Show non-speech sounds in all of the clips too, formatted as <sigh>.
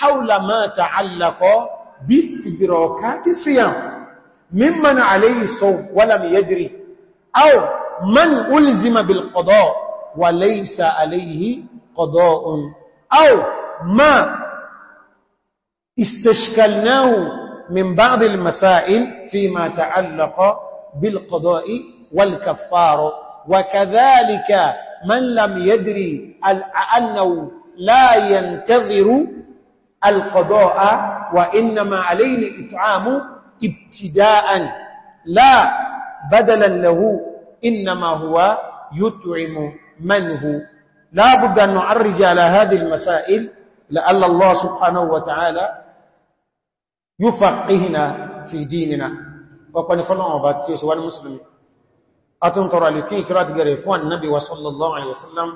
حول ما تعلق باستدراكات الصيام ممن عليه الصوم ولم يدري أو من ألزم بالقضاء وليس عليه قضاء أو ما استشكلناه من بعض المسائل فيما تعلق بالقضاء والكفار وكذلك من لم يدري أنه لا ينتظر القضاء وإنما علينا إطعام ابتداء لا بدلا له إنما هو يطعم منه لا بد أن نعرج على هذه المسائل لأن الله سبحانه وتعالى يفقهنا في ديننا وقال فلان وباتي سواء المسلم أتنطر لكي كرات غريفون النبي صلى الله عليه وسلم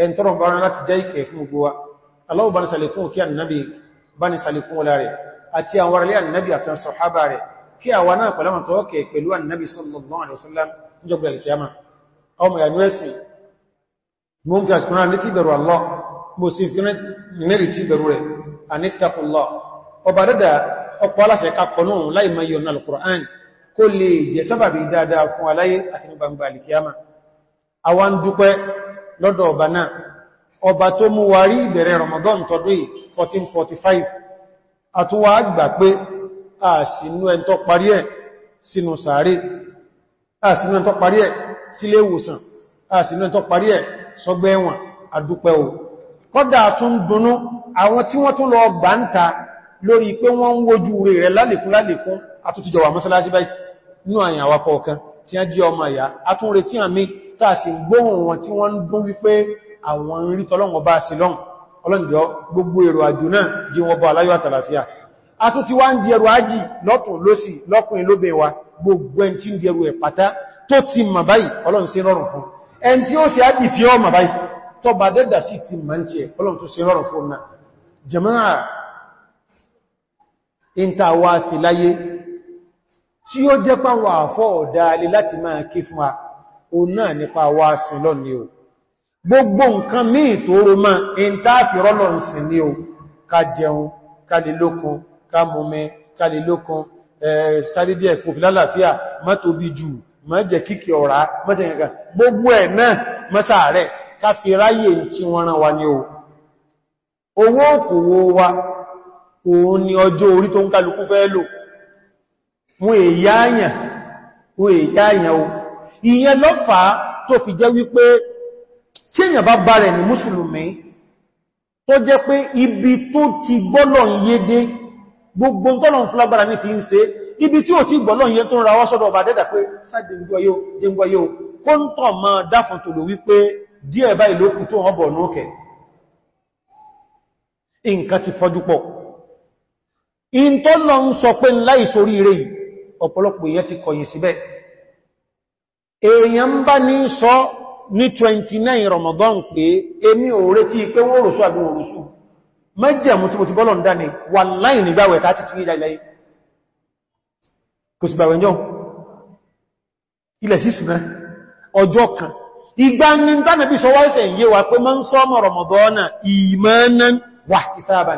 أنترهم برنا لا تجيك إفنقوا Allah bani ní sàlékún kí a bá ní sàlékún ọlá rẹ̀ àti àwọn arílẹ̀ annabi àti sọ̀hábà rẹ̀ kí àwa náà pẹ̀lọ́mà tó kẹ pẹ̀lú annabi sallallahu alaihi wasallam níjọba alkiyama ọmọ ìyànú ẹ̀sìn mú fi àṣìkò Allah kó lè jẹ sábàbí dáadáa fún aláyé àti dúpẹ́ lọ́dọ̀ ọba náà ọba tó mú wa rí ìbẹ̀rẹ̀ Ramadan tọdún 1445 àtúwà àgbà pé a sínú ẹntọ́ parí ẹ̀ sínú sàárè a sínú ẹntọ́ parí ẹ̀ sílé ìwòsàn a sínú ẹntọ́ parí ẹ̀ sọgbẹ́ ẹ̀wọ̀n àdúpẹ́ o kọ́dà tún dúnú àwọn tí wọ́n tún lọ bá ń ta lórí pé wọ́n ń wojú rẹ̀ lálẹ́kún lálẹ́kún àtútìjọwà mọ́sálásí báyìí nú àyàwà àwọn rí tọ́lọ́wọ́ bá sí lọ́n ọlọ́njọ́ gbogbo èrò àjò náà jí wọ́n bọ́ aláyọ̀ àtàlàfíà a tún ti wá ń di ẹrù ájì lọ́tún lósì lọ́kùnrin lóbe wa gbogbo ẹn tí ń di ẹrù ẹ̀ pátá tó ti mà báyìí ọlọ́run sí rọrùn fún ẹn náà jàmáà ìntà sí láyé tí ó gbogbo nǹkan míì tó rò máa in táàfi rọ́lọ̀ ń sì ní o ká jẹun ká lè lókun ká mọ́mẹ́ ká lè lókun sáré ẹ̀kùn fìlálàáfíà má tóbi jù má jẹ kíkì ọ̀rá mọ́sẹ̀yìnká gbogbo ẹ̀ náà mọ́sàárẹ̀ tó fi jẹ́ wípé tí èyàn bá bá rẹ̀ ní mùsùlùmí tó jẹ́ pé ibi tó ti gbọ́lọ̀ yédé gbogbo tọ́lọ̀ fúlágbára ní fi ń ṣe ibi tí ó ti gbọ́lọ̀ yé tó ń rawọ́ sọ́dọ̀ ọba dẹ́dà pé sáàdìngbọ́yó kó ń tọ̀ ma dáfún tó lò wípé díẹ̀ èèyàn bá ní sọ ní 29 Ramadan pé èmi ò retí pé wọ́n rọ̀sù àbí wọ́n rọ̀sù mẹ́jẹ̀mú tí mo ti bọ́lọ̀ ń dáni wà láì nígbàwẹ̀ tàbí ti ilẹ̀ ilẹ̀ kò sì bàwẹ̀ jọ ilẹ̀ sísùnà ọjọ́ kan ìgbà ní tánàbí sọ wáṣẹ̀ yé wa pé mọ́n Ramadan ìmọ́nan wà ti sáàbà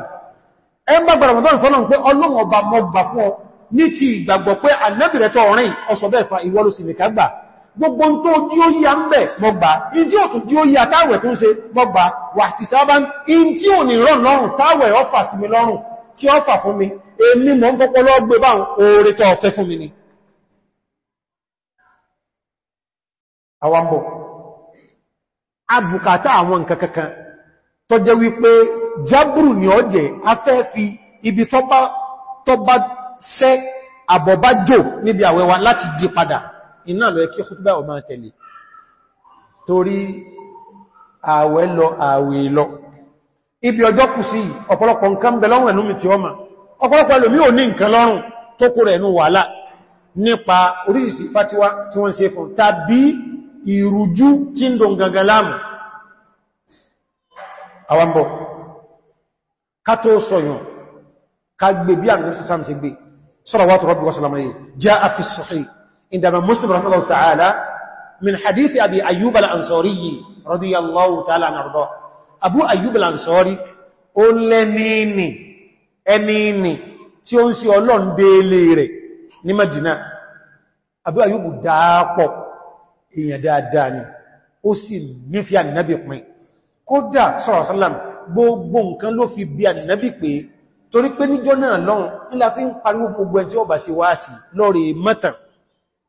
ẹn bá gbà Ramadan fọ́lọ́n pé Ọlọ́run ọba mọ́ gbà fún ọ ní ti ìgbàgbọ́ pé ànábìrẹ́tọ̀ ọ̀rìn ọsọ̀bẹ́fà ìwọ́lùsìnìkàgbà gbogbo tó tí ó yíya ń bẹ̀ mọ́gbà in tí ó tún tí ó yíya táwẹ̀ tó ń ṣe mọ́gbà wà ti sábá in tí ò ní rán lọ́rùn táwẹ̀ ọfà sí mi lọ́rùn tí ó fà fún mi èmi mọ́ ń kọ́kọ́ lọ́gbẹ̀ bá oore tó ọ̀fẹ́ fún mi ni àwambọ̀ abùkátà àwọn nǹkan kankan tó jẹ́ wípé àbọ̀bá jò níbi àwẹ̀wà láti di padà iná lọ kí kútúbà ọmọ tẹ̀lé torí ààwẹ̀ lọ ààwẹ̀ lọ ibi ọjọ́ kù sí ọ̀pọ̀lọpọ̀ nǹkan bẹ lọ́rùn ẹ̀nú mi ti ọmọ ọ̀pọ̀lọpọ̀ ẹlòmí ò ní nǹkan lọ́rùn tó kó rẹ̀ ẹ̀nú wàhálà nípa oríṣìí fátíwá tí wọ́n ṣe fún tàbí ìrújú tí ń dùn gangan láàmù àwambọ̀ ká tó sọ̀yàn ká gbé bí àmì sàmì sí gbé sọ́rọ̀ wátọ̀ rọ́bí wọ́sọ̀lámọ́ yìí já àfisọ̀hìí عندما مسلم رحمه الله تعالى من حديث أبي أيوب الأنصاري رضي الله تعالى نرضاه أبو أيوب الأنصاري قل لنيني أنيني تيونسي أولون بيليري ní Madina Abu Ayyub dáápọ̀ èèyàn dáadáa ni ó sì nífí ànìyàbì pín kódà sọ́rọ̀ sálàm gbogbo nǹkan ló fi bí ànìyàbì pé torí pé níjọ́ náà lọ́run nílá fi ń pariwo fún gbogbo ẹ̀ tí ó bà sí wáàsì lọ́rẹ̀ mẹ́tàn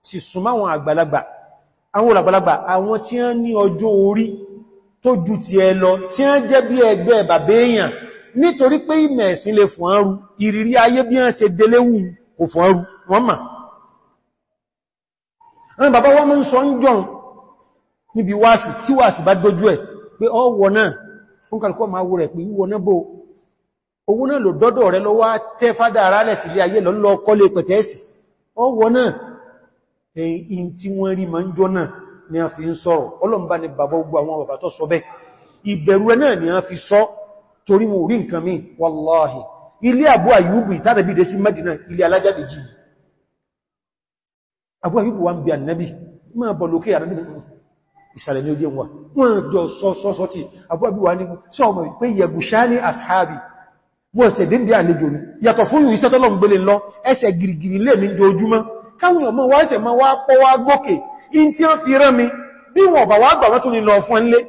sì súnmọ́ àwọn àgbàlagbà àwọn olàgbàlagbà àwọn tí wọ́n ní ọjọ́ orí tó ju ti ẹ lọ tí wọ́n jẹ́ bí ẹgbẹ́ bàbá èèyàn nítorí pé ìmẹ̀ ẹ̀sìn lè fún ọrú ìrírí ayé bí wọ́n ṣe deléwù kò fún ọrú wọ́n mà àwọn bàbá wọ́n mún sọ ń jọun níbi wáàsì tí wáàsì bá dójú ẹ̀ náà in tí wọ́n rí ma ń jọ ni a fi ń sọ̀rọ̀ ọlọ́mbà ni bàbá ogun àwọn bàbá tó sọ bẹ́ ìbẹ̀rù ẹ̀ ni a fi sọ torí mo rí nǹkan mi wallahi ilé àbú àyúbù ìtàdàbí dé sí Mẹ́dínà ilé alájáde jì àbú àyúbù wa ń bí ànábì máa bọ̀ lókè ànábì ìsàlẹ̀ ní ojú wa wọ́n ashabi wọ́n sẹ̀dẹ́ndẹ́ àlejò ni yàtọ̀ fún ìsẹ́tọ́lọ́ ń gbélé lọ ẹsẹ̀ gìrìgìrì lè ní káwọn èèyàn mọ́ wá ẹsẹ̀ mọ́ wá pọ́ wá gbókè in tí ó fi rán mi bí wọn bá wá gbà wọ́n tó ní lọ fún ẹnlé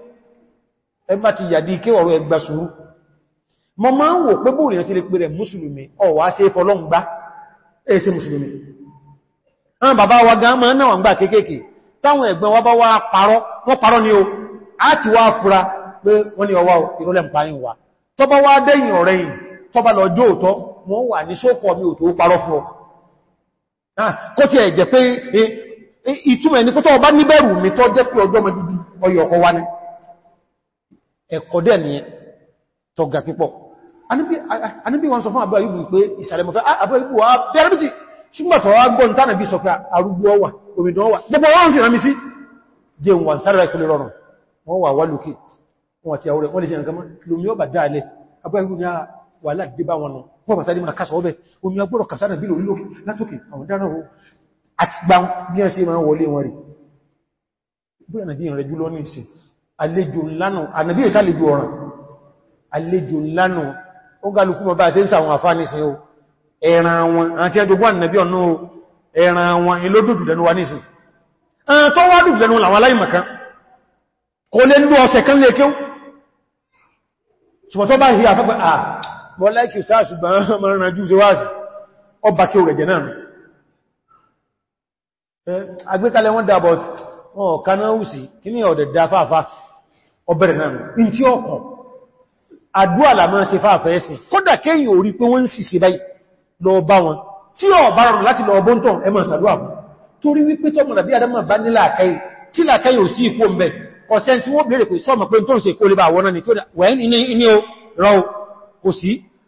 ẹgbà ti yàdí ike ọ̀rọ̀ ẹgbà sùúrù mọ́ máa ń wò pé bóòrì yẹn sí lè pèrè mùsùlùmí ọ̀wà ṣe é fọlọ́n gbá ẹ̀ṣẹ́ mùsùlùmí àwọn bàbá wa gan máa náà wọ́n ni o á ti wá fura wà ní sókọ̀ mi ò tó parọ́ fún ọ Ah, kó tí ẹ̀ jẹ́ pé eh, eh, ìtumọ̀ ní pọ́tọ́ ọba níbẹ̀rù mi tọ́ jẹ́ pé ọjọ́ mẹ́dúdú ọyọ̀ ọkọ̀ wá ní ẹ̀kọ́ dẹ̀ ní tọ́gà pípọ̀ aníbí wọn sọ fún àbúrà yìí pé ìsàlẹ̀mọ̀fẹ́ àbúrà ah, yìí wà bẹ́ẹ̀rẹ̀ bìtì ṣùgbọ́tọ̀ wá gbọ́n tánà bí sọ pé arúgbó ọwà omidan ọwà gbogbo wọn sì rámi sí jẹ wọn sára ìpínlẹ̀ rọrùn wọn wà wá wọ́n bá sáré máa kásọ̀ ọbẹ̀ omi agbọ́rọ̀ kàsánà bí lórí lókè látókè àwọn dánáwó àti gbá bí ẹn sí máa wọlé wọn rí bí ẹnàbí ìrìn rẹjú lọ́nà ìsìn àlejò lánà ànàbí ìsá àlejò ọ̀ràn àlejò lánà ó gálùkú mọ́ bá ṣe ń sàwọn àfáà nísìn o ẹran wọn àti ẹjọgbọ́ ànàbí ọ̀nà o ẹran wọn ilódòdù lẹ́nu wa ṣùgbọ́n tó bá ń hí àfẹ́gbẹ́ à mọ́ láìkì sáà ṣùgbọ́n ma rìnrìn jù síwáàsì ọba kí o rẹ̀ jẹ náà agbékalẹ̀ wọ́n dábọ̀ ọ̀ kanáwùsì kí ní ọ̀dẹ̀ dá fáfá ọbẹ̀rẹ̀ náà in tí ọkọ̀ àdúà la máa ṣe fáfẹ́ ẹ̀sìn kódà kéyìn orí pé wọ́n ń sì ṣe báyìí lọ bá wọn tí ọ bá rọrùn láti lọ ọbọ́n tán ẹ máa ṣàdúà fún torí wípé tọ́mọ̀ nàbí adama bá nílà àkáyì tí làkáyì ò sí ìkó ń bẹ̀ kọ̀sẹ́ tí wọ́n bèèrè pé sọ́mọ̀ pé tó kó kò sí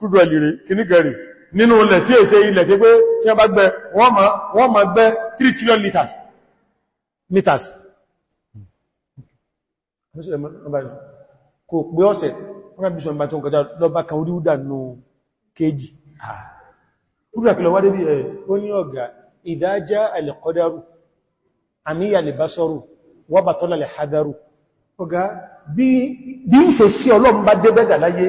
crude oil rẹ̀ kìníkẹrì nínú ilẹ̀ tí èsẹ ilẹ̀ tí pé tí wọ́n bá gbẹ wọ́n ma gbẹ 3 trillion liters meters kò pé ọ̀sẹ̀ wọ́n rẹ̀ bí sọ ìbátan kọjá lọ́bá kan orí údà nù kéjì údà ah. kìlọ̀ wádé bí ẹ̀ ó ní ọ̀gá ìdájá alìkọ́dárù àmìyà lè bá sọ́rù wọ́bàtọ́lá lè hádarù ọ̀gá bí ìfẹ́ sí ọlọ́mbá débẹ̀dà láyé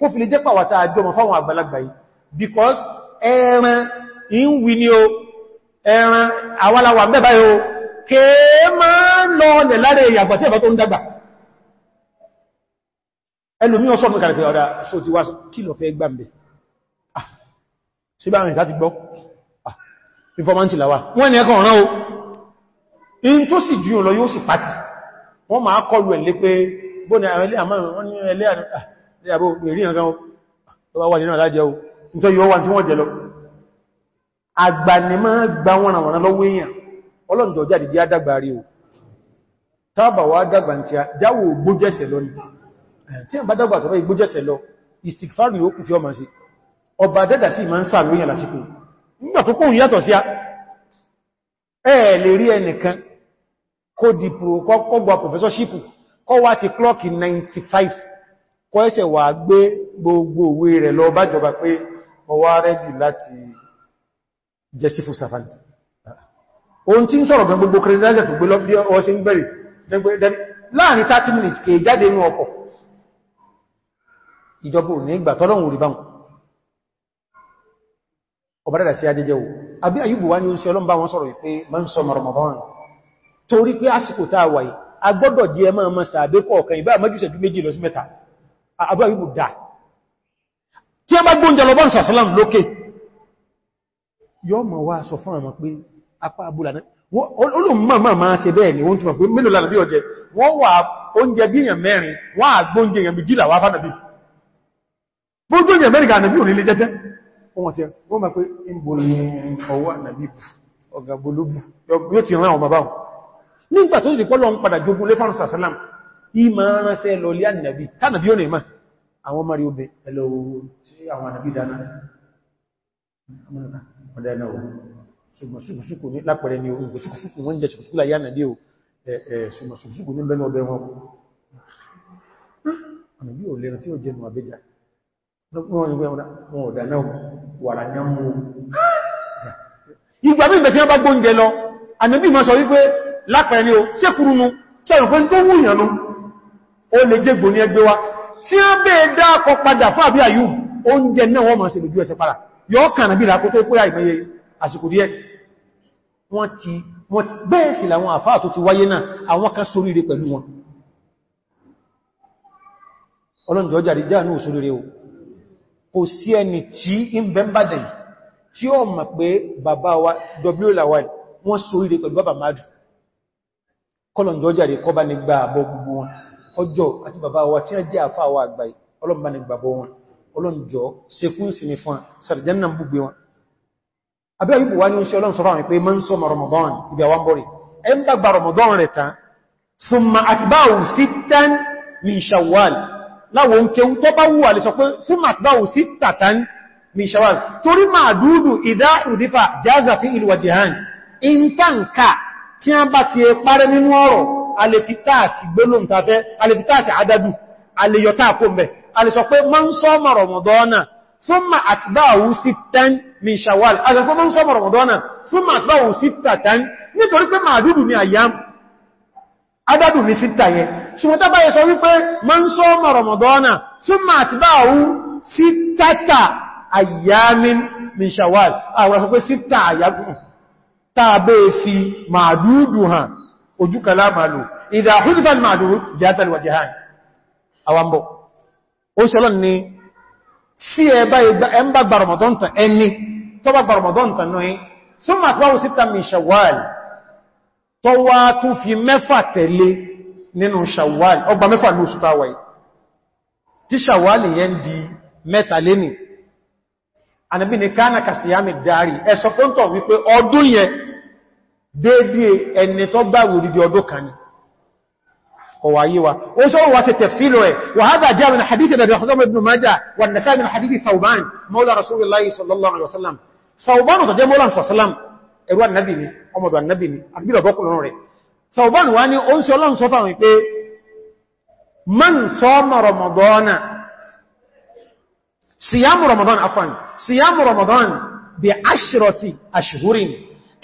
kó fi lè jẹ́ pàwàtà àjọmọ̀ fáwọn àgbàlagbà yìí because ẹran ìwì ni o ẹran àwàlàwà mẹ́bá yóò kéé máa ń lọ ọ̀nẹ̀ láre ìyàgbà tí ẹ̀bá tó ń dàgbà ẹlòmí ọ̀sọ́ fún kàrẹ̀kẹ̀ ọ̀dá so ti wá kílọ̀ fẹ́ gbàmbẹ̀ síbáàrin ah, ìta ti gbọ́ ah, informanti làwà wọ́n ni ẹkọ̀ ọ̀rán o in tó kọlu ẹ̀ lé pé bóni àwọn ilé àmáà wọ́n ní ẹ̀yàbó mèrí ọ̀gán tó bá wà nínú alájẹ́ o nítorí yíó wà tí wọ́n jẹ lọ àgbànímọ́ gba wọn àwọn lọ́wọ́ èèyàn ọlọ́njọ́ jáde jẹ́ àdàgbà rí o tábà wá dàgbà tí a dáwò gbójẹ́sẹ̀ lọ ni tí a bá dàgbà tọ́rọ igbójẹ́sẹ̀ lọ istighfar ni ó kù tí ọ ma sí ọba dẹ́dà sí ma ń sàrò èèyàn lásìkò nígbà tó kóhun yàtọ̀ sí a ẹ lè rí ẹnìkan kó di kọ́gbà professorship kọ́ wá ti clock 95 kọ́ ẹsẹ̀ wà gbé gbogbo òwe rẹ̀ lọ bá jọba pé ọwá rẹ́dì láti jẹ́ sífù sàfàntì ohun tí ń sọ̀rọ̀ gan gbogbo kìrìsìláṣẹ̀ tó gbé lọ́fí ọwọ́sí bẹ̀rẹ̀ láàrin 30 minutes kè jáde inú ọkọ̀ ìjọba ò ní ìgbà tọ́lọ́run orí báhùn ọba dada sí ajẹjẹ wò àbí àyíbò wá ní oúnṣẹ́ ọlọ́mbà wọn sọ̀rọ̀ ìpé ma ń sọ Ramadan torí pé àsìkò táà mọ́ sàbẹ́kọ̀ọ̀kan ìbá mẹ́jùsẹ̀dú méjì lọ sí mẹ́ta àbúrà yìí bù dáa tí a bá gbóúnjẹ lọ bọ́n sàṣọ́lám lókè yọ́ mọ̀ wá sọ fún àmà pé apá abúlà náà olóòm máa máa ṣe bẹ́ẹ̀ ni wọ́n ti mọ̀ pé mélòó lánàá bí ọjẹ́ wọ́n wà oúnjẹ bí èèyàn mẹ́rin wọ́n à gbóúnjẹ èèyàn méjìlá wá fánàbí gbóúnjẹ èèyàn mẹ́rin kà nàbí ònílé jẹ́jẹ́ wọ́n ti wọ́n mọ̀ pé ìbò ní ọwọ́ nàbí ọgàgbólógún yóò ti rán ọmọ báwọn nígbà tó ti pọ́lọ́ ń padà jogun lé ìmọ̀ ránṣẹ́ lọ lé ànìyàbí tánàbí ò ní ìmọ̀ àwọn mari obè ẹlọ́wọ́ tí àwọn ànàbí dáná ọ̀dẹ́nà ò ṣùgbọ̀sùgbọ̀sùkù ní lápẹẹrẹ ni oòrùn ṣùgbọ̀sùkù wọ́n jẹ́ ṣùgbọ̀sùkù láyé ànàbí ò ṣùgbọ̀sùgbọ̀sùkù ní bẹ́nu ọbẹ̀ wọn ànàbí ò lẹ́nu tí ó jẹ́ nù àbẹ́jà ìgbà mí ìbẹ̀ tí wọ́n bá gbóúnjẹ lọ ànàbí ma sọ wípé lápẹẹrẹ ni ó ṣékùrú nu ṣẹ́rùn pé tó wù ìyànú ó lè jégbò ní ẹgbẹ́ wa tí ó bèé dákọ padà fún àbí àyú oúnjẹ náà wọ́n máa ṣe lójú ẹsẹ̀ padà yóò kànà bí ìràkó tó pé àìmọye àsìkò díẹ̀ wọ́n ti bẹ́ẹ̀ sì làwọn àfáà tó ti wáyé náà àwọn kan ṣoríire pẹ̀lú wọn ọlọ́njọ́ jàrí wa w lawal wọ́n ṣoríire pẹ̀lú bàbá májù kọlọ̀njọ́ jàrí kọba ní gbà àbọ̀ gbogbo wọn ọjọ́ àti bàbá wa tí a jẹ́ àfáà wa àgbà ọlọ́mbà ni gbàbọ̀ wọn ọlọ́njọ́ sekún sí ni fún sàrìjánà gbogbo wọn abẹ́ àyíkò wá ní oúnṣẹ́ ọlọ́n sọ fáwọn pé mọ́n sọ Ramadan ibi àwọn bọ́rì ẹ ń gbàgbà Ramadan rẹ̀ tán thumma atba'u sittan min Shawwal láwọn oúnjẹ tó bá wù àlè sọ pé alẹ́fítàsì gbólóhùn tafẹ́ alẹ́fítàsì adadu alẹ́yọta kó mẹ́ alẹ́sọ pé ma ń sọ́mọ̀ rọmọdọ́nà súnmà àtibáwù sítán min shawal alẹ́sọ pé ma ń sọ́mọ̀ rọmọdọ́nà súnmà àtibáwù sítàtán nítorí pé màádùdù ni àyàm adadu ni sítà yẹ ṣùgbọ́n tá báyẹ sọ wípé ma ń sọ́mọ̀ rọmọdọ́nà súnmà àtibáwù sítàtà àyàmin min shawal àwọn ojú kan láàmàlò ìdá húsùfàn màdúrú játàlùwà jihàn àwambọ̀ ó sọ́lọ́ ni sí ẹmbà gbàrọ̀mọ̀dọ́ntàn ẹni tọ́bà gbàrọ̀mọ̀dọ́ntàn náà tún ma tọ́wọ́ síta mi ṣàwàl tọ́wà tún fi mẹ́fà tẹ̀lé nínú ṣàwàl ọgbà mẹ́fà ní oṣù táwà tí ṣàwàl yẹn dédé ẹni tó gbàwò dídí ọdún kan ní ọwà yíwa ó ṣọ́rọ̀ wá sí tẹ̀fsílò ẹ̀ wà hádà jẹ́ àwọn hadithi daga ọdún ibn Majah wà nà sáàmì hadithi Thawban mọ́lá rasulullahi sallallahu alaihi wasallam Thawban tó jẹ́ mọ́lá sallam ẹ̀rọ annabi ni ọmọdọ̀ annabi ni àbílọ̀ bọ́kùnrin rẹ̀ Thawban wá ní oúnṣẹ́ ọlọ́run sọ fáwọn pé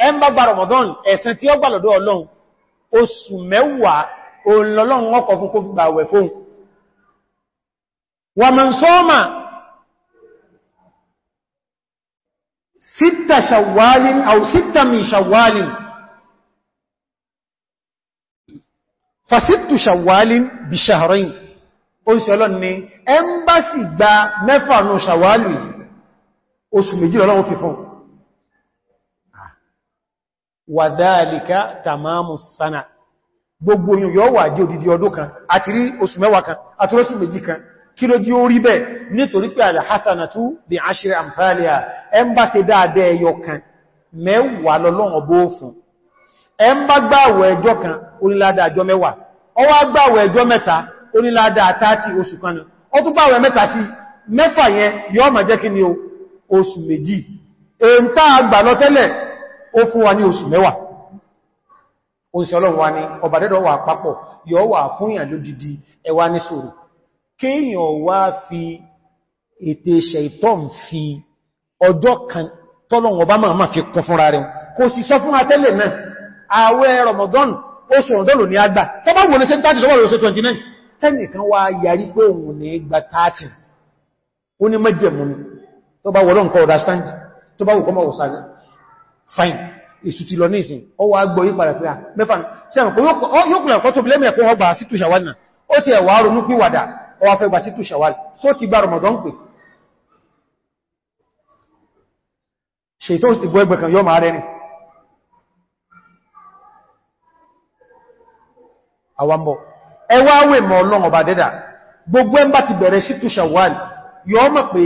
ẹn bá gba Ramadan ẹ̀sìn tí ó gbà lọ́dọ̀ ọlọ́run oṣù mẹ́wàá òǹlọ́lọ́run ọkọ̀ fún kó fi gbà wẹ̀ fóun wà mọ̀ sọ́ọ́mà síta ṣàwálín àwọn síta mi ṣàwálín fàsítù ṣàwálín bí ṣàhárìn oṣù ọlọ́run ni ẹn sì gba mẹ́fà náà ṣàwálì oṣù méjìlọ́lọ́run fi fún wàdáàlìká tàmàmù sánà gbogbo yìí yóò wà jẹ́ òdìdí ọdún kan àti rí oṣù mẹ́wàá kan àti oṣù méjì kan kí ló jí ó rí bẹ́ẹ̀ nítorí pé alhassanatu bí ashiri amthaliha ẹn bá ṣe dáadẹ́ ẹyọ kan mẹ́wàá lọ́lọ́run ọbọ̀ fún ó fún wa ní oṣù mẹ́wàá oṣù ọlọ́run wa ní ọba dẹ́dọ̀ wà papọ̀ yọ wà fún ìyàn lódìdí ẹwà ní sòrò kéèyàn wá fi ètè ṣẹ̀tọ́m fi ọjọ́ kan tọ́lọ̀n ọba máa fi kún fún atẹ́lẹ̀ náà àwẹ̀ Ramadan oṣù ọ̀dọ́lù ní agbà tọ́bá wọlé sí 30 tọ́wọ́ lọ́sẹ̀ 29 tẹ́nìkan wá yarí pé òun ní gba 30 ó ní understand tọ́bá wùkọ́ mọ́ fine èsù ti lọ ní ìsìn ọwọ́ agbọ́ yí padà pé à ah, mẹ́fà sí àwọn yóò kọ́ tó bí lẹ́mẹ̀ ẹ̀kọ́ ọgbà sí tùṣàwàl náà ó ti ẹ̀wà ronú pí wàdà ọwà fẹ́ gbà sí tùṣàwàl só ti gbà Ramadan pè ṣètò ti gbọ́ ẹgbẹ̀ kan yọ máa rẹ̀rin àwambọ̀ ẹwà awẹ́ mọ̀ ọlọ́run ọba dẹ́dà gbogbo ẹ̀ ń bá ti bẹ̀rẹ̀ sí tùṣàwàl yọ mọ̀ pé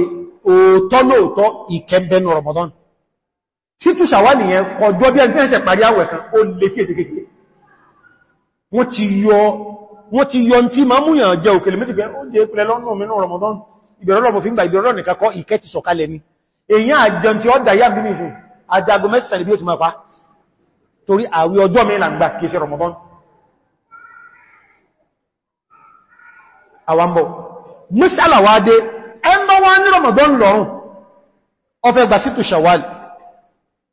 òótọ́ lóòótọ́ ìkẹ́mbẹ́nu Ramadan sí tún ṣàwà nìyẹn kọjọ́ bí ẹgbẹ́ ẹ̀ṣẹ̀ parí àwẹ̀ kan ó lè tí ètè kéèkéé wọ́n ti yọ tí ma múyàn jẹ òkèlè méjì ó jẹ́ ìpìlẹ̀ lọ́nà mínú Ramadan ìbẹ̀rọ̀lọ́mọ̀ fi ń gba ìbẹ̀rọ̀lọ́ nìkan kọ́ ìkẹ́ ti ni èyàn àjẹun tí ó dà yà bínú ìsìn ajago mẹ́sàn ibi ó ti máa pa torí àwẹ̀ ọjọ́ mẹ́lá gbà kìí ṣe Ramadan àwambọ̀ mọ́sálàwádé ẹmọ́ wá ní sí tù Ṣawwal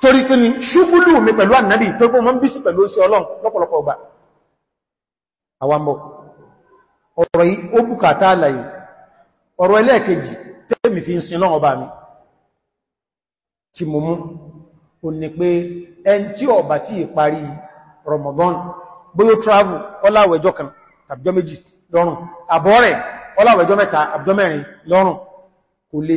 torí pé ni ṣúgbúlù mi pẹ̀lú ànábì tó kó mọ́ ń bí sí pẹ̀lú oṣù ọlọ́run lọ́pọ̀lọpọ̀ ọgbà àwàmọ̀ ọ̀rọ̀ yìí ó bùkátà àlàyé ọ̀rọ̀ ẹlẹ́ẹ̀kejì tẹ́mì fi ń sin lọ́wọ́ bá mi tí mo mú Ramadan bóyó travel ọláwẹ̀jọ́ kan tàbíjọ́ méjì lọ́rùn àbọ́rẹ̀ ọláwẹ̀jọ́ mẹ́ta àbíjọ́ mẹ́rin lọ́rùn kò lè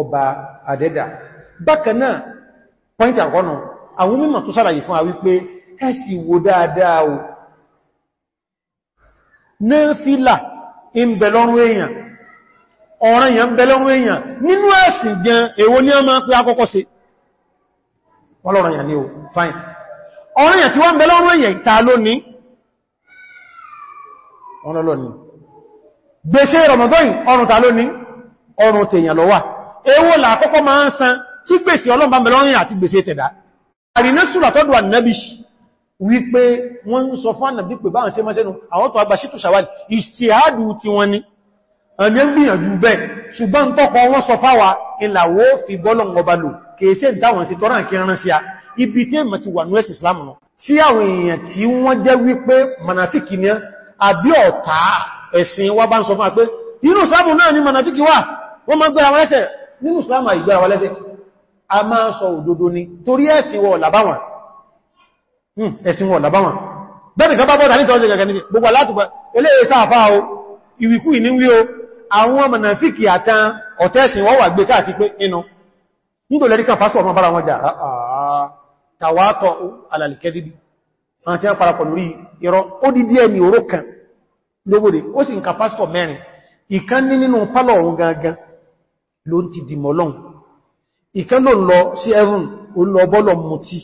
ọba àdẹ́dà bákanáà pọ́ntì àkọ́nà àwọn mímọ̀ tó sàlàyé fún àwí pé ẹ̀sì wo dáadáa o náfílà ń bẹ lọ́rùn èèyàn ọ̀ràn èèyàn ń bẹ lọ́rùn èèyàn nínú ẹ̀sìn gan èwo ní a pé akọ́kọ́ sí o fine ọ̀ràn èèyàn tí wọ́n ń bẹ lọ́rùn èèyàn ìta lónìí ọ̀rọ̀ lónìí gbèsè ewó làkọ́kọ́ máa ń san tí gbèsè ọlọ́mbà mẹ́lọ́rin àti gbèsè tẹ̀dá àrínà súrà tọ́dọ̀ ànábì wípé wọ́n ń sọ fún ànábì pé báwọn ṣe mọ́sẹ́nu àwọn tó agbà ṣítù sàwàlì ìṣtíhádù tí wọ́n ni ẹni ń gbìyànjú bẹ́ ṣùgbọ́n tọ́kọ wọ́n sọ fáwà ìlàwó fi bọ́lọ̀ ọba lò kèèṣẹ́ ìdáwọn sí tọ́rà kí rán sí a ibi tí wà wọ́n manafiki ní àbí ọ̀tá ẹ̀sìn wá bá ń sọ fún ni manafiki wà wọ́n máa gbẹ́ra wọn ẹsẹ̀ nínú islam ìgbà wà lẹ́sẹ̀ a máa sọ òdodo ni torí ẹ̀sìn wọ làbáwọn hmm, ẹ̀sìn wọ làbáwọn bẹ́ẹ̀ni kan bá bọ́ta ní tọ́jú gẹ̀gẹ̀ ní gbogbo látùgbà eléyìí sáàfá o ìwìkú ìníwí o àwọn mọ̀nàfíkì àtàn ọ̀tẹ́sìn wọ́n wà gbé káàkiri pé inú nítorí kan fásitì ọmọ bára wọn jà ah, ah. tàwátọ̀ alàlìkẹ́dìbì àwọn tí wọ́n parapọ̀ lórí irọ́ ó dídí ẹni oró kan lóbòdè ó sì ìkan ní nínú pálọ̀ òun gangan ló ń ti dìmọ̀ lọ́n ìkan ló lọ sí ẹ̀rùn ó lọ bọ́lọ̀ mú tí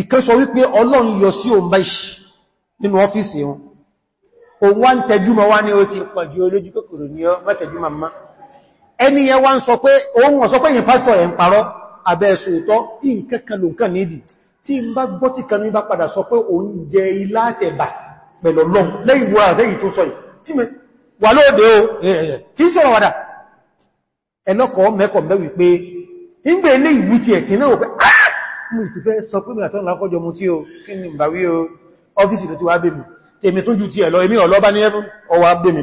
ìkan sọ wípé ọlọ́run yọ sí òun bá ìṣì nínú ọ́fíìsì wọn òun wá ń tẹjúmọ̀ wá ní ó ti pàjú olójú kòkòrò ní ọ mẹ́tẹjúmọ̀ má ẹni yẹn wá ń sọ pé òun wọ́n sọ pé yìí pásọ̀ ẹ̀ ń parọ́ abẹ́ ẹ̀sùtọ́ nǹkan kan ló nǹkan nídìí tí ń bá gbọ́ tí kan ní bá padà sọ pé òun jẹ ilá àtẹ̀bà pẹ̀lọ́lọ́n lẹ́yìn wọ́n àtẹ́yìn tó sọ yìí tí wà lóòdé o kìí sọ̀rọ̀ wàdà ẹlọ́kọ̀ mẹ́kọ̀ mẹ́ wípé ìgbẹ̀ ilé ìwú ti ẹ̀tì náà pẹ́ ah! mú ìsìfẹ́ sọ pé mìíràn lákọjọ mú tí ó kí ni bà wí o ọ́fíìsì ló ti wá bèèmì tèmi tó ju ti ẹ̀lọ èmi ọ̀lọ́bá ní ẹ̀fún ọwà bèèmì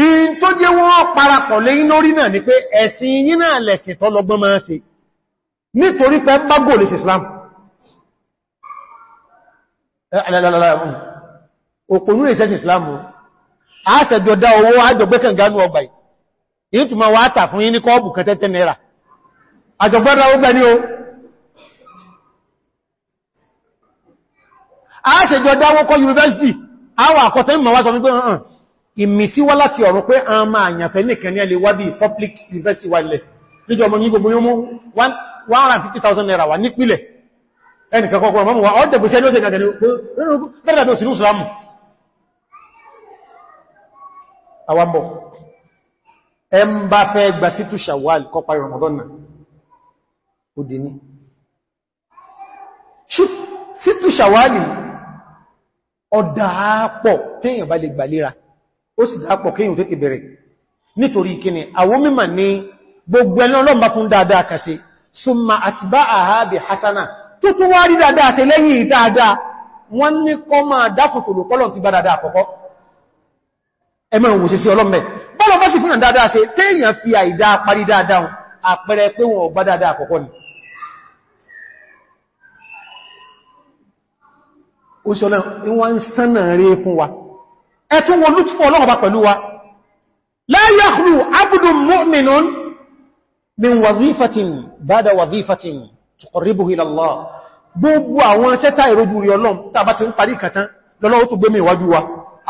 in tó jẹ́ wọ́n parapọ̀ lẹ́yìn lórí náà ni pé ẹ̀sìn yín náà lẹ̀sìn tọ́lọgbọ́n máa ṣe nítorí pé bá gò lè ṣe islam um, òpònú lè ṣe islam a ṣẹ̀jọ dá owó àjọgbẹ́kàn gánú ọgbà yìí tó máa wá tà fún yí ní kọ́ọ̀bù kan tẹ́tẹ́ náírà àjọgbẹ́ra ó gbẹ́ ní o a ṣẹ̀jọ university àwọn àkọ́tẹ́ ìmọ̀ wá sọ wípé ọ̀hàn ìmìsí wá láti ọ̀rọ̀ pé a máa àyànfẹ́ public university wà lẹ̀ níjọ ọmọ yí gbogbo 150,000 naira wà nípìlẹ̀ ẹnìkan kọ́kọ́ mọ́mù wa ọ́dẹ̀ bùsẹ́ ló ṣe gàgẹ̀lú pẹ́rẹ̀dẹ̀ òsìlú ìsìlámù àwambọ̀ ẹ ń bá fẹ́ gbà sí tùṣàwàl kọpa ìrọ̀mọ̀dọ́nà ó dì ní sí tùṣàwàlì ọ̀dàápọ̀ téèyàn bá lè gbàlera ó sì dápọ̀ kéèyàn tètè bẹ̀rẹ̀ nítorí kíni àwọn mímọ̀ ní gbogbo ẹlọ́lọ́mbá fún dáadáa kàṣe súnmà àtìbá àhábì hasana tó tún wá rí dáadáa ṣe lẹ́yìn ìdáadáa wọ́n ní kọ́ máa dáfòtò lò pọ́lọ̀ ti bá dáadáa àkọ́kọ́ ẹmọ́ òwòṣẹ́ sí ọlọ́mẹ́ bọ́lọ̀ bá sì fún dáadáa ṣe téèyàn fi min wàzífàtín bada wàzífàtín tukọ̀ríbù ila Allah gbogbo àwọn sẹ́ta ìrójú rí ọlọ́m tàbá ti ń parí kàtán lọ́lọ́wọ́ tó gbé mi ìwájú wa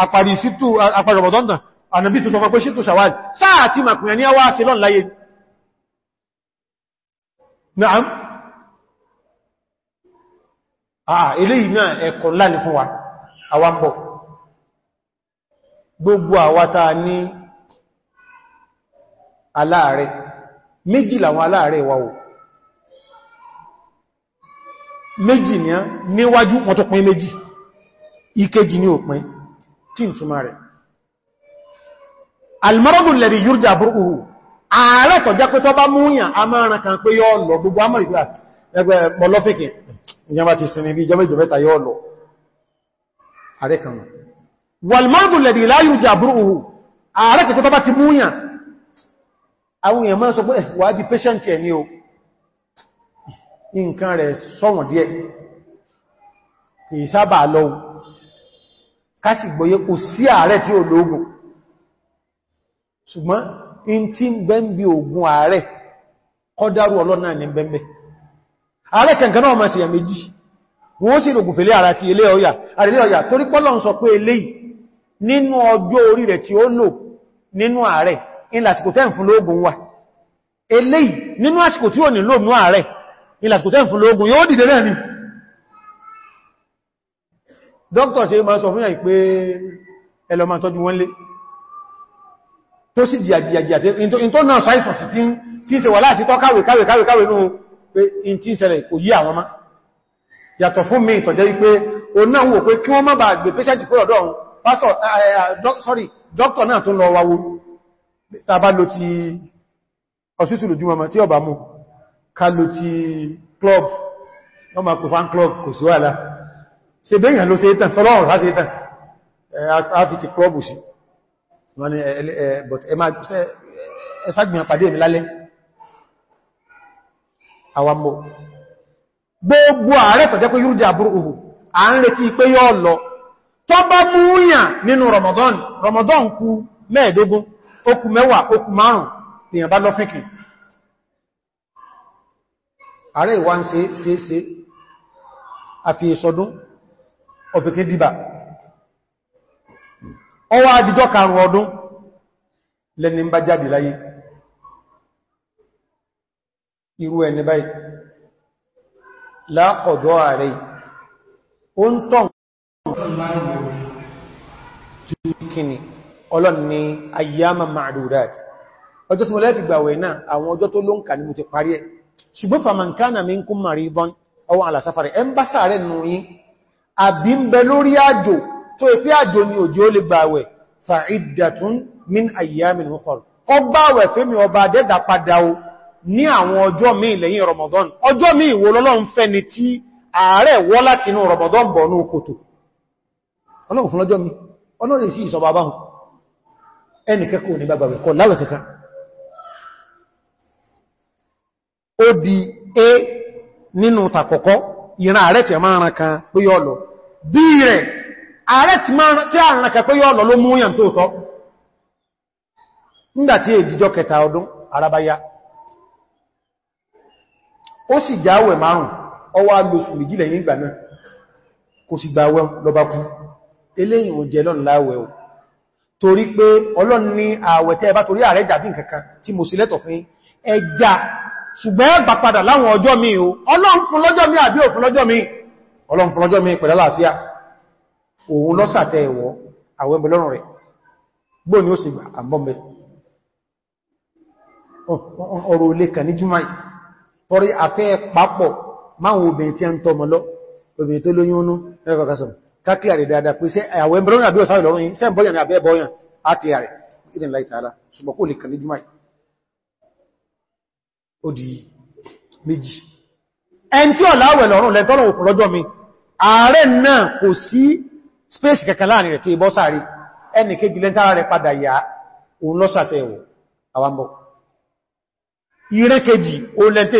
àparí sítú àparọ̀bọ̀dọ́ndàn ànàbí tó sọpọ̀ pé sítú sàwárì sáà tí màkùnrin ní àwá sí lọ́n láyé na'am àà ni méjì làwọn aláàrẹ wa o méjì ní á níwájú wọn tó pín méjì ìkejì ní òpin tí ń túnmà rẹ̀ almaradun lẹ́rí yúrjà burúkú ààrẹ tọ̀ jẹ́ pé tọ́ bá múyàn a máa ràn kan pé yọ́ lọ gbogbo amurigba ẹgbẹ́ mọ́lọ́fẹ́kẹ́ ìjọba ti sinmi àwọn èèyàn máa sọ pé eh, wà di patient ẹ̀ ní o nǹkan rẹ̀ sọ́wọ̀n díẹ̀ kìí sábà lọ́wọ́ kásì gbọ́yé kò sí ààrẹ tí ó lóògùn ṣùgbọ́n in tí ń bẹ́m̀bí ààrẹ kọ́dárù ọlọ́nà ní ààrẹ kẹ̀kẹ́ náà máa sì méjì wọ́n sì lògùn fèlé ara ti torí pọ́lọ̀ ń sọ pé eléyìí nínú ọjọ́ orí rẹ̀ tí ó lò in lásìkò tẹ́ ń fún lóògùn wà eléyìí nínú àsìkò tí ó ní lóògùn ààrẹ in lásìkò tẹ́ ń fún lóògùn yóò dìde náà ni dókítà ṣe máa sọ fún yà pé ẹlọ́mà tọ́jú wọ́n lé tó sì jìyàjìyàjìyà tó náà sáìsàn sí tí ń ṣe wà láti tọ́ káwẹ̀ káwẹ̀ káwẹ̀ káwẹ̀ nú pé in tí sele ṣẹlẹ̀ kò yí àwọn má yàtọ̀ fún mi ìtọ̀jẹ́ wípé o náà wò pé kí wọ́n má bàa gbé pẹ́ṣẹ́ jù kúrò dọ́ọ̀un pásọ̀ sorry doctor náà tún lọ wáwó tàbá lo ti ọ̀sítùlù jùmọ̀mọ̀ tí ọba mú ká lo ti club wọ́n ma kò fan club kò sí wàhálà ṣe bẹ́yàn ló ṣe tàn sọ́lọ́rùn láti tàn àti ti club sí wọ́n ni ẹ̀sàgbìyàn pàdé mi lálẹ́ àwàmọ́ gbogbo ààrẹ tọ̀jẹ́ pé yúrùjẹ́ àbúrú òhù à ń retí pé yóò lọ tó bá múyàn nínú Ramadan Ramadan kù mẹ́ẹ̀dógún okù mẹ́wàá okù márùn èèyàn bá lọ́fíkì ààrẹ ìwá ń ṣe ṣe ṣe àfi ìṣọdún ọ̀fẹ́kẹ́ dìbà ọwọ́ àdìjọ́ karùn ọdún lẹ́ni ń bá jáde láyé irú ẹni báyìí láàkọ̀dọ́ ààrẹ ó ń tọ́ ọlọ́n ni ayyama ma'adudat ọjọ́ tí mo lẹ́fì gbàwẹ̀ náà àwọn ọjọ́ tó ló ń kà ní mo ti parí ẹ̀ ṣùgbọ́n fàmàǹkánà mi ń kún mari bọ́n ọwọ́ alàsáfàrí ẹ ń bá sàárẹ̀ nù yí àbí ń bẹ lórí àjò tó ìfẹ́ àjò ni òjò lè gbàwẹ̀ fa'iddatun min ayyamin ukhra ó gbàwẹ̀ ọlọ́run fún lọ́jọ́ mi ọlọ́run sí ìsọba báhùn ẹnìkẹ́kọ́ ní bàbá wẹ̀kọ́ láwẹ̀ kẹta ó di a nínú tàkọ̀kọ́ ìran ààrẹ tí a máa ràn kan pé yọ́ lọ bí rẹ̀ ààrẹ tí a ràn kan pé yọ́ lọ ló mú yàn tóòtọ́ tọ́ nígbàtí èdìjọ kẹta ọdún arábáyá ó sì jáwẹ̀ márùn yìí náà kò sì gbà wẹ́ lọ bá kú eléyìn òjẹ́ lọ́nà láwẹ̀ o torí pé ọlọ́run ni ààwẹ̀ tẹ́ bá torí ààrẹ jàbí nǹkankan tí mo sì lẹ́tọ̀ fún ẹjà ṣùgbọ́n ẹgbà padà láwọn ọjọ́ mi o ọlọ́run fún lọ́jọ́ mi àbí òfin lọ́jọ́ mi ọlọ́run fún lọ́jọ́ mi pẹ̀lú àlàáfíà òun lọ́sàtẹ̀ ẹ̀wọ̀ àwẹ̀ ẹ̀bẹ̀lọ́rùn rẹ̀ gbò ní ó torí afẹ́ papọ̀ máwọn obìnrin tí a ń tọmọ lọ obìnrin tó lóyún ọnú ẹ̀rẹ́kọ̀ọ́kásọ̀mù kákílà rẹ̀ dáadáa pé sẹ́ àwọn ẹmbrọ́nà àbí ọ̀sáwẹ̀ lọ́rún yìí sẹ́ bọ́yàn àbẹ́ bọ́yàn ákílà rẹ̀ ìdìn láì tààrà ṣùgbọ́n kò lè kàn ní jùmáì ó di méjì ẹn tí ọ̀láwẹ̀ lọ́rún lẹ́tọ́rọ̀ òkun lọ́jọ́ mi ààrẹ náà kò sí spéṣì kankan láàrin rẹ̀ tó ibọ́ sáré ẹnì kejì lẹ́ntara rẹ̀ padà yá òun lọ́sàtẹ̀wò àwambọ̀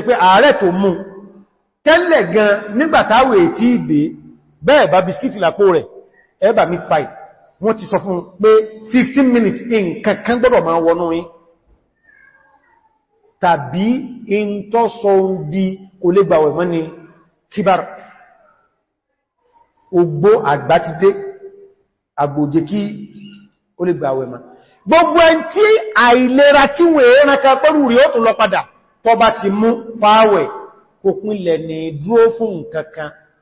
pé ààrẹ tó mú tẹ́lẹ̀ gan nígbàtàwẹ̀ tí ìdè bẹ́ẹ̀ bá bisikíti lápò rẹ̀ ẹbà meat pie wọ́n ti sọ fún pé 15 minutes in kankan gbọ́dọ̀ ma wọnú yí tàbí in tó sọ ń di kò lè gbàwẹ̀ mọ́ ni kíbar ogbó àgbà ti dé agbòjé kí ó lè gbàwẹ̀ mọ́ gbogbo ẹn tí àìlera tí wọ́n èèràn ka pẹ́rù rí ó lọ padà tó bá ti mú fáwẹ̀ kò pínlẹ̀ dúró fún nǹkankan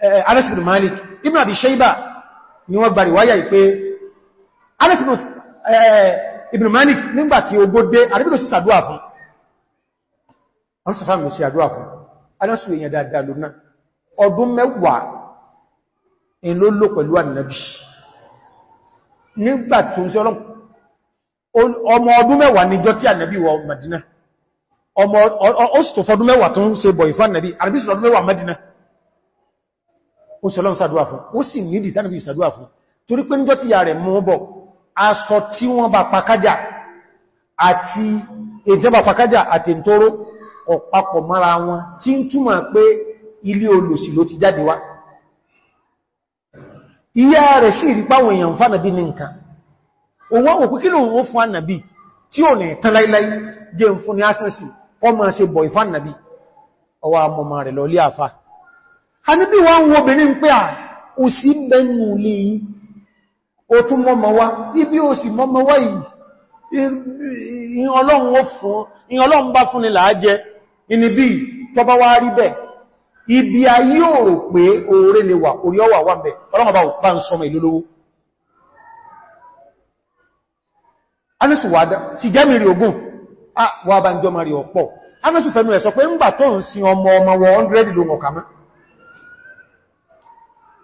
Eh, Anas ibn Malik Ibn Abi Shayba ni wọ́n gbà ríwáyà ìpé Anas eh, ibn Malik nígbàtí ogóde àríbìdó sí sàdúwà fún àwọn sàfàmù sí àdúwà fún Anas èèyàn dáadáa lónà ọdún mẹ́wàá in ló lò pẹ̀lú ànìyàn nígbàtí ọmọ ọdún mẹ́wàá níjọ tí ànìyàn wọ Madina ọmọ ó sì tó fọdún mẹ́wàá tó ń ṣe bọ̀ ìfà ànìyàn ọdún mẹ́wàá Madina ó sì ọlọ́run sàdúwà fún ó sì nídìí tánàbí ìsàdúwà fún torí pé níjọ́ ti yà rẹ̀ mú bọ̀ aṣọ tí wọ́n bá pakájà àti ìjọba pakájà àti ìntóró ọ̀pápọ̀ mara wọn tí ń túmọ̀ pé ilé olùsì ló ti jáde wá ìyá rẹ̀ sì rí páwọn èèyàn fánàbí ní nǹkan òwọ́ òkú kí lòun ó fún ànàbí tí ò ní tán láíláí a níbí wá ń wo obìnrin pé à ò sí bẹnu lè yí o tún mọ́mọ̀ wá níbi o sì mọ́mọ̀ wá yìí ìhànlọ́run bá fún ni làájẹ́ inibí tọba wá rí bẹ́ ibi ayé òrò pé oore ni wà orí ọwà wà bẹ̀ ọlọ́run bá ń sọmọ ìlú lówó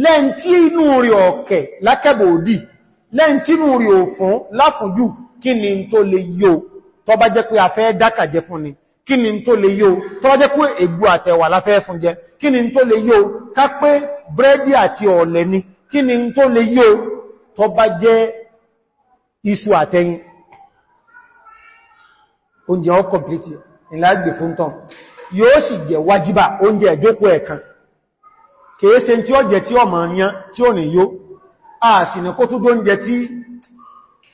lẹ́ntí inú rí ọ̀kẹ̀ lákẹ́bò òdì lẹ́ntí inú rí òfún láfúnjú kí ni tó lè yóò tó bá jẹ́ pé afẹ́ dákàjẹ fún ni kí ni tó lè yóò tó bá jẹ́ pé ègbò àtẹ̀wà láfẹ́ fún jẹ kí ni tó lè yóò ká pé búrẹ́dì àti ọ̀lẹ̀ ni kí ni tó lè yóò tó bá jẹ́ iṣu àtẹ̀yìn oúnjẹ ọkọ̀ pìlìtì ìlàgbè fún tán yóò sì jẹ́ wájíbà oúnjẹ ìjókòó ẹ̀kan kèése tí ó jẹ tí ó máa yán tí ó ní yó a sì ní kó tó dóúnjẹ tí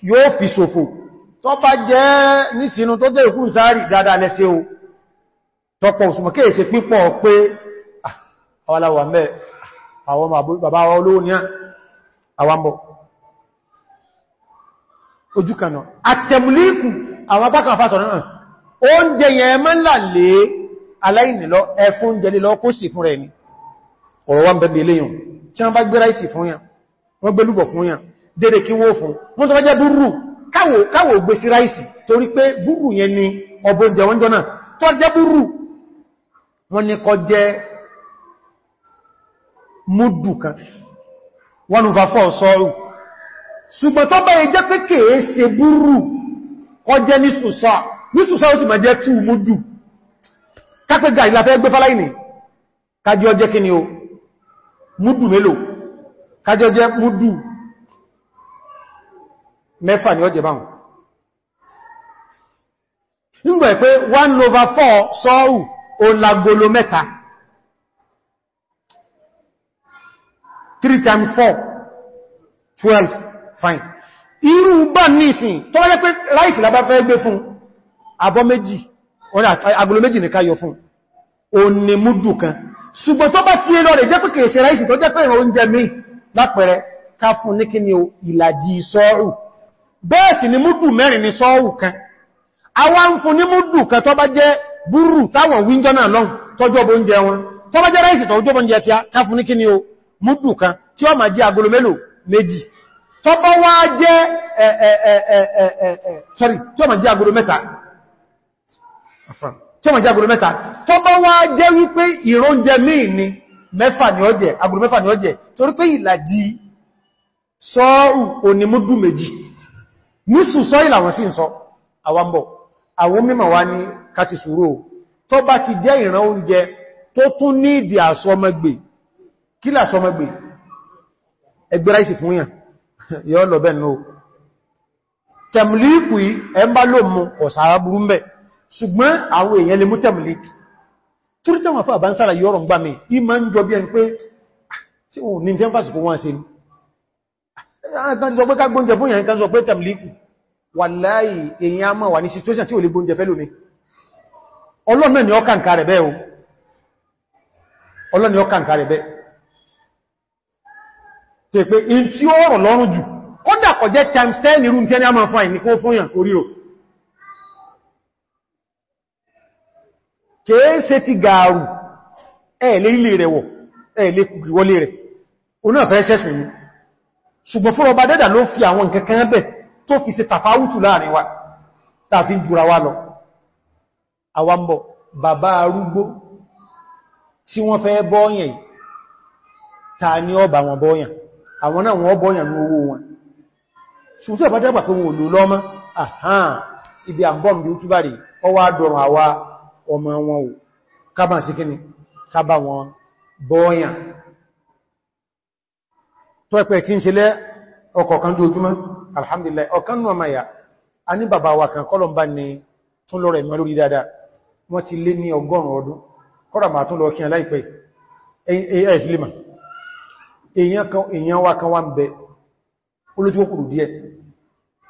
yóò fi ṣòfò tó bá jẹ́ nísìnú tó jẹ́ ìkún sáàrì dáadáa lẹ́sẹ̀ o tọpọ̀ òsùnmọ̀ kèése pípọ̀ pé ah, àwọláwà mẹ́ àwọn bàbá olówó ní àwambọ̀ ojú kó sì fún rẹ̀ ni ọ̀rọ̀ wá ń bẹ̀bẹ̀ iléyàn tí wọ́n bá gbé ráìsì fún yàn wọ́n gbé lúbọ̀ fún yàn dédé kí wó fún wọ́n tó bá jẹ́ búrú káwò gbé sí ráìsì torí pé búrú yẹn ni ọbọ̀ oúnjẹ wọ́n jọ́nà tó jẹ́ búrú wọ́n ní kọ jẹ́ múdù kápẹ́gà ìlàfẹ́ gbé fáláìní kájí ọjẹ́ kí ni o múdù mélòó kájẹ́jẹ́ múdù mẹ́fà ni ọjẹ́ báhùn nígbẹ̀ pé 1 over 4 sọ́ọ̀hù olagolo mẹ́ta 3 times 4 12 fine irú bá nìsìn tó wáyé pé láìsì lábá fẹ́ gbé fún abọ́ méjì agolo méjì ní ká yọ fún òní múdù kan ṣùgbọ́n tó bá ti ẹlọ rẹ̀ jẹ́ pé kìí ṣe ráìsì tó jẹ́ pé oúnjẹ mi lápẹẹrẹ ká fún ní kí ni o ìlàjì bẹ́ẹ̀ sì ni múdù mẹ́rin ni kan àwa ń fún ní múdù kan tó bá jẹ́ búrù táwọn wíńjọ́ náà lọ́n kan sorry tí ó mọ̀ jẹ́ agolo mẹ́ta tó bá wá jẹ́ wípé ìróúnjẹ míì ni mẹ́fà ni ó jẹ́ agolo mẹ́fà ni ó jẹ́ torí pé ìlàjì sọ́ọ̀rù onímúdù méjì nísù sọ ìlàwọ̀n sí ń sọ àwambọ̀ àwọn mímọ̀ wá ní kásì sùúrù tó bá ti jẹ́ ìran oúnjẹ tó tún ní ìdí àsọmọgbè kí làsọmọgbè ẹgbẹ́ra ìsì fún yàn yọ́ lọ bẹ́ẹ̀ náà tẹ̀mlíkù ẹ̀ ṣùgbọ́n àwọn èèyàn lè mú tẹ̀mìlìkì torí tẹ́wọ̀n fún àbánsàrà yọ́rọ̀ ń gbá mi ìmọ̀ ń jọ bí ẹni pé tí ah, òun ní jẹ́ fásitì wọ́n se ní àtàndìsọpẹ́ ká gbóúnjẹ fún ìyàn kan sọ pé tẹ̀mìlìkù wàláhì èèyàn a máa wà ní situation tí ò lè gbóúnjẹ fẹ́lú mi ọlọ́nà ni ọkànkà rẹ̀ bẹ́ẹ̀ o ọlọ́nà ni ọkànkà rẹ̀ bẹ́ẹ̀ tẹ́ pé in tí ó rọ̀ lọ́rùn jù kọ́dà kọjẹ́ times 10 irú ní tẹ́ ní a máa fún àìníkó fún ìyàn orí o kèése ti gààrù ẹ̀ẹ̀lẹ́ ilé rẹ̀ wọ̀ ẹ̀ẹ̀lẹ́ wọlé rẹ̀ oná fẹ́ ṣẹ́sìn ní ṣùgbọ́n fún ọba dẹ́dà ló fi àwọn nǹkankan bẹ̀ tó fi ṣe tàfáwùtù láàrin wa tàfi ń jura wa lọ àwambọ̀ bàbá arúgbó tí wọ́n fẹ́ bọ́ọ̀yàn ta ní ọba wọn bọ́ọ̀yàn àwọn náà wọ́n bọ́ọ̀yàn ní owó wọn ṣùgbọ́n ọba dẹ́gbà pé wọn ò ọwá dọ̀rùn àwa ọmọ wọn ò kábà sí kíni kábà wọn bọ́ọ̀yàn tó ẹ̀pẹ̀ tí ń ṣe lẹ́ ọkọ̀kan dojúmọ́ alhamdulillah ọ̀kan náà máa yà a ní bàbá wa kan kọ́lọ̀mbá ni tún lọ rẹ̀ mọ́ lórí dáadáa wọ́n ti lé ní ọgọ́rùn ọdún kọ́rà máa tún lọ kí aláìpẹ́ èèyàn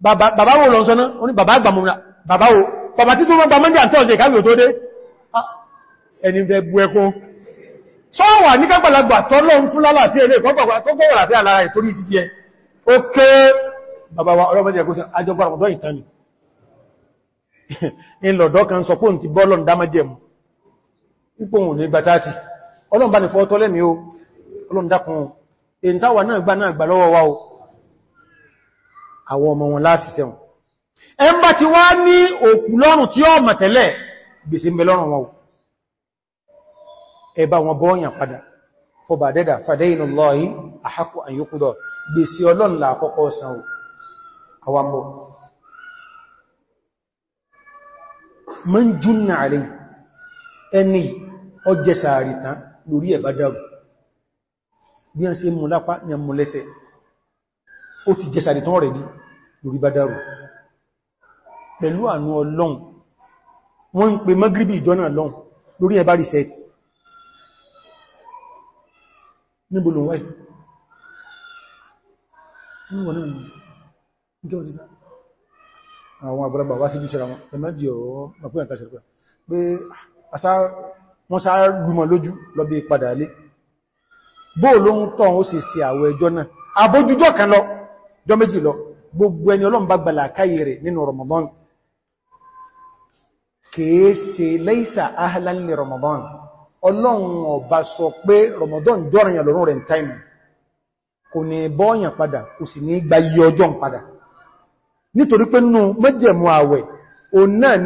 bàbá wo lọ sọ́nà oní bàbá àgbàmọ̀mọ̀lá bàbá wo bàbá títún wọ́n gba monday and thursday káwí ò tó dé ah, ẹni fẹ́ bú ẹkún sọ́wà ní kápàlagbà tọ́lọ ń fún lálàtí ẹlé ìkọ́gbọ̀gbà tó gbọ́ <laughs> èyí táwà náà gbà náà gbà lọ́wọ́ wa o àwọn ọmọ wọn láàṣìṣẹ́ wọn ẹmbà ti wá ní òkú lọ́rùn tí ó mọ̀ tẹ́lẹ̀ gbèsè ń bẹ lọ́rùn wọn ẹbá wọn bọ́ọ̀yàn padà fọba dẹ́dà fàdẹ́yìn lọ́yí àhákù àyíkúdọ̀ gbèsè ọlọ́run là bí wọ́n ṣe mú lápá ni mú lẹ́sẹ̀ ó ti jẹsàrí tán rẹ̀ dí lórí bá dárò pẹ̀lú àánú ọlọ́un wọ́n ń pe magribi ìjọ́nà lọ́un lórí ẹbá reset níbo lòun wáyé níwọ̀n náà níjọ́ òjìdá àwọn àgbàlagbà wá sí bí ṣẹ́ra wọn ẹmẹ́jì ọ̀rọ̀ ọ̀pẹ́ àtàṣẹ̀rẹ̀ pé wọ́n sáà lùmọ̀ lójú lọ bí padà lé bóò lóhun tọ́ ó sì sí àwọ̀ ẹjọ́ náà àbójújọ́ kan lọ jọ méjì lọ gbogbo ẹni ọlọ́run bá gbàlà káyè rẹ̀ nínú Ramadan kèése lẹ́ìsà ahlan li Ramadan ọlọ́run ọba sọ pé Ramadan jọ́rin ọlọ́run rẹ̀ táìmù kò ní bọ́ọ̀yàn padà kò sì ní gba iye ọjọ́ padà nítorí pé nínú mẹ́jẹ̀mú àwẹ̀ o náà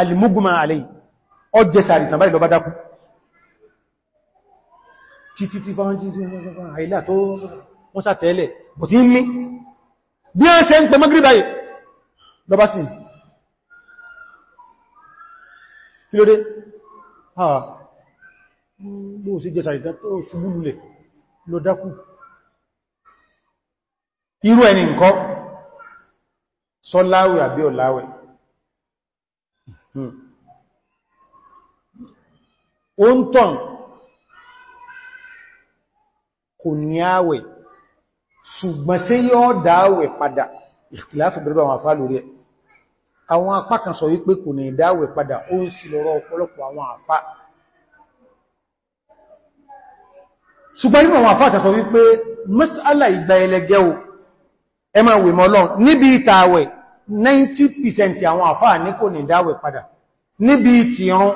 alìmúgbùmá alẹ́ ọjẹ́ sàrì tàbí ìlọ bá dákú títí tí fáwọn jí àìlà tó wọ́n sàtẹ́ẹ̀lẹ̀ bọ̀ tí ń mí bí ẹ́ ṣe ń pẹ mọ́gírí báyìí lọ bá sí kí ló dé àà bó sí ẹni nǹkan sọ láwẹ̀ àbí ọ̀láwẹ̀ Hmm. ó ń tàn kò ní àwẹ̀ ṣùgbọ́n sí yóò dáwẹ̀ padà ìtìláfì bẹ̀rẹ̀ àwọn àfá lórí ẹ̀ àwọn apá kan sọ wípé kò ní dáwẹ̀ padà ó ń sí lọ́rọ̀ ọ̀pọ̀lọpọ̀ àwọn àfá ṣùgbọ́n nínú àwọn àfá àtàsọ wípé mọ́sálà ìgbà ẹlẹgẹ́ 90% àwọn àfáà ní kò ní dáwẹ̀ padà níbi ti rán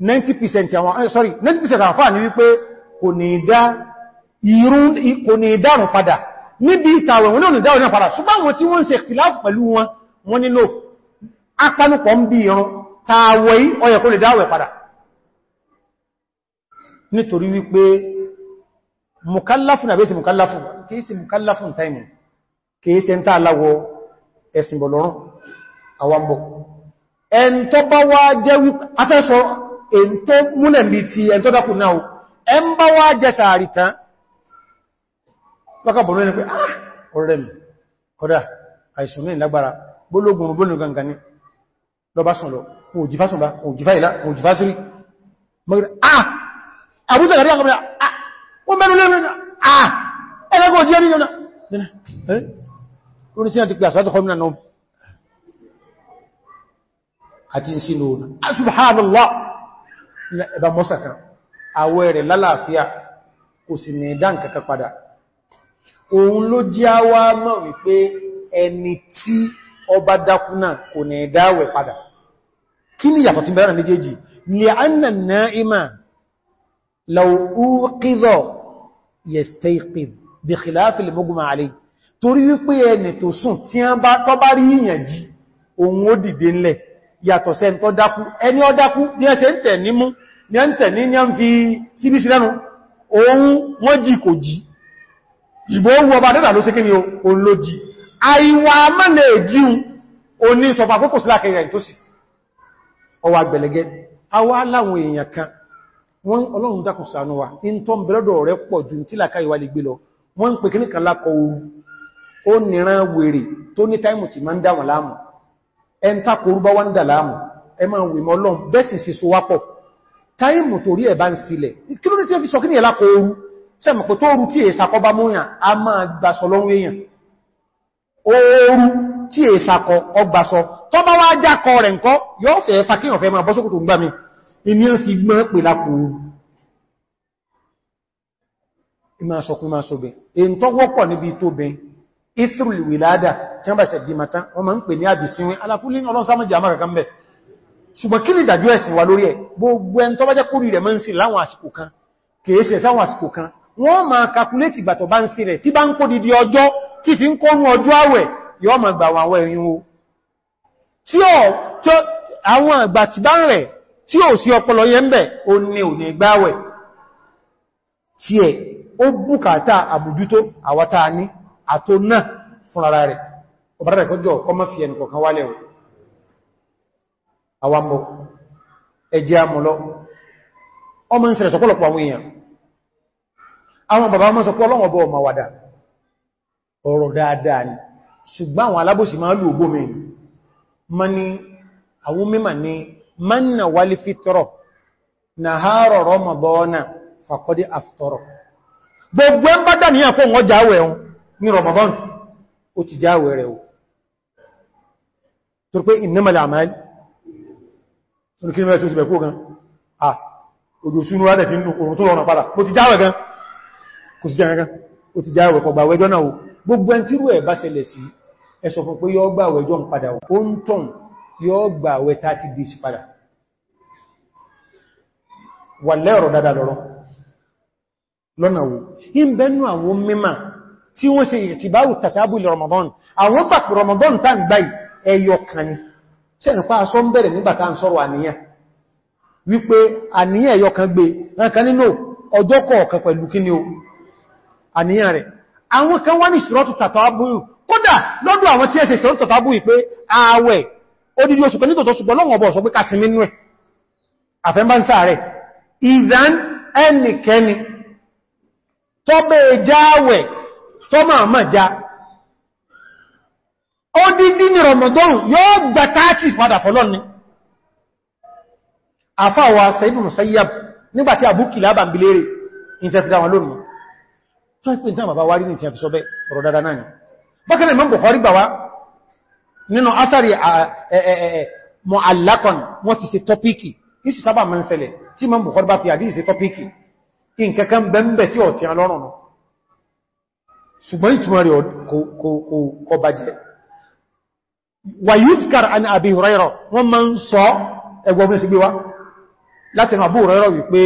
90% àwọn eh, sorry 90% àfáà ní wípé kò ní dá irun kò ní dárùn padà níbi ìtàwẹ̀ wọn náà ní dáwẹ̀ náà padà ṣùgbọ́n wọn tí wọ́n ń ṣe ìtìláàfù pẹ̀lú wọn wọn nílò apanupọ̀ ń bí irun tààwẹ̀ ó yẹ kó lè dáwẹ̀ padà nítorí wípé mùkálàfún àbẹ́sì mùkálàfún kìí sí mùkálàfún timing kìí ṣe ń tàà láwọ ẹ̀sìn bọ̀ lọ́rùn àwambọ̀. ẹn tó bá wá jẹ́ wípé atẹ́sọ èn tó múlẹ̀ bí ti ẹn tó dákù náà ẹn bá wá jẹ́ sàárì tán lọ́kàbọ̀ ní pé ah, ọ̀rẹ́ mi kọ́dá àìsùn mẹ́rin lágbára gbólógún gbólógún gangan ní lọ́bá sùn lọ òjìfá sùn bá òjìfá ìlà lórí sí àti pé àṣà àtọ́kọ́ mìíràn náà àti ìsinú òun asùbhánàlá ah, ẹ̀bà mọ́sàkà àwẹ́ rẹ̀ lálàáfíà kò sì ní ìdá nǹkan kan padà òun ló jẹ́ àwa náà wípé ẹni tí ọba dákúnà kò ní ìdáwẹ̀ padà kí ni yàtọ̀ tí bẹ̀rẹ̀ méjèèjì lè anna na'ima law uqidha yastayqidh torí wípé ẹni tó sùn tí a bá tọ́ bá rí ìyànjí òun ó dìde ńlẹ̀ yàtọ̀ sẹ́ tó dákú ẹni ó dákú ní ẹsẹ̀ ń tẹ̀ nímú ní ẹ ń tẹ̀ ní ní ẹ ń fi síbí sí lẹ́nu òun wọ́n jì kò jì ìbò owó ọba dẹ́dà ló sí kí ni òun ló jì àìwà mẹ́lẹ̀ jíun òní sọfà kókò sí lákẹrẹ ìtòsí ọwà gbẹ̀lẹ̀gẹ́ awá wa in tó ń bẹ̀rẹ̀dọ̀ rẹ̀ pọ̀ wọ́n ń pè kí ní kan lákọ̀ ooru ó nìran wèrè tó ní táìmù tí máa ń dáwọn láàmù ẹn takorúbá wá ń dà láàmù ẹ máa wè mọ́ lọ́n bẹ́sì sí so wápọ̀ táìmù torí ẹ̀ bá ń sílẹ̀ kí ló dé tí ó fi sọ kí ní ẹ̀lákọ̀ ooru sẹ́mọ̀kọ̀ tó ooru tí è sakọ bá múyàn a máa gbàsọ lọ́rún èèyàn ooru tí èyí tó wọ́pọ̀ níbi tó bẹ̀ ìtìrùlì wìládà tí wọ́n bá ṣe bí mata wọ́n ma ń pè ní àbìsínwé alákúlé ọlọ́sámọ́jà mara kan bẹ̀. ṣùgbọ́n kí ni ìdàjú ẹ̀sìn wa lórí ẹ̀ gbogbo ẹn tó bá jẹ́ kórì rẹ̀ mọ́ ń sí láwọn àsìkò kan kèése didi ọjọ́ tí fi ń kónú ọjọ́ àwẹ̀ yọ́ ma gbà àwọn ẹ̀yìn wo tí ó àwọn àgbà ti bá ń rẹ̀ bùkátà àbùjútó àwátá àtò náà fún ara rẹ̀ ọ̀bára rẹ̀ kọjọ́ ọmọ fi ẹnù kọ̀kan wálẹ̀ ò àwàmọ̀ ẹjẹ́ amọ̀lọ́ ọmọ ń sẹ̀rẹ̀ sọpọ̀lọpọ̀ àwọn èèyàn àwọn bàbá mọ́ sọpọ̀ ọlọ́wọ̀ bọ́ ọmọ wàdà ọ̀rọ̀ dáadáa ni ṣùgbọ́n àwọn alábòsí máa lù wali fitọ́rọ̀ na hárọ̀ rọmọdọ́ọ́nà fàkọ́dí àfitọ́rọ̀ gbogbo ẹ bá dà ní àpọ̀ wọ́n jáwẹ̀ wọn ní Ramadan ó ti jáwẹ̀ rẹ̀ o tó pé innamal a'mal tó ní kí ní mẹ́rin tó ti bẹ̀kú gan ah òjò sínú rádẹ̀ fi ń lù oòrùn tó lọ́nà padà ó ti jáwẹ̀ gan kò sí jẹ́ gan ó ti jáwẹ̀ kọgbà lọ́nà wo in àwọn mímọ̀ tí wọ́n ṣe ìtìbáwù tàtàbù ilẹ̀ Ramadan àwọn pàpù Ramadan tàn gbáyì ẹyọ kàní tí ẹ̀nàpá aṣọ ń bẹ̀rẹ̀ nígbàtà ń sọ́rọ̀ àníyàn wípé àníyàn ẹyọ kan gbé rankan nínú ọjọ́ kọ̀ọ̀kan o àníyàn rẹ̀ àwọn tọ́bẹ̀ jáwẹ̀ tó máa mọ̀ já ó dídí ní Ramadan yóò gbà táàtì padà fọ́lọ́ ni àfáwà Sayyid Musayyab nígbàtí àbúkìlá bà ń bilé rẹ̀ ìtẹ́fìdá wọn lónìí tó ìpín tán bàbá wárí ní ìtẹ́fì sọ bẹ́ ọ̀rọ̀ dada náà ni bákanáà Imam Bukhari gbà wá nínú átàrí mu'allaqan wọ́n ti ṣe tọ́píkì ìsì sábà mọ́ ń tí Imam Bukhari bá fi àdíṣe tọ́píkì nǹkankan bẹ́m̀bẹ̀ tí ọ̀ tí a ṣùgbọ́n ìtumọ̀ rẹ̀ kò bá jẹ́ wà yúzkar an Abi Hurairah wọ́n ma ń sọ ẹgbọ́n fún sígbé wá láti ma Abu Hurairah wípé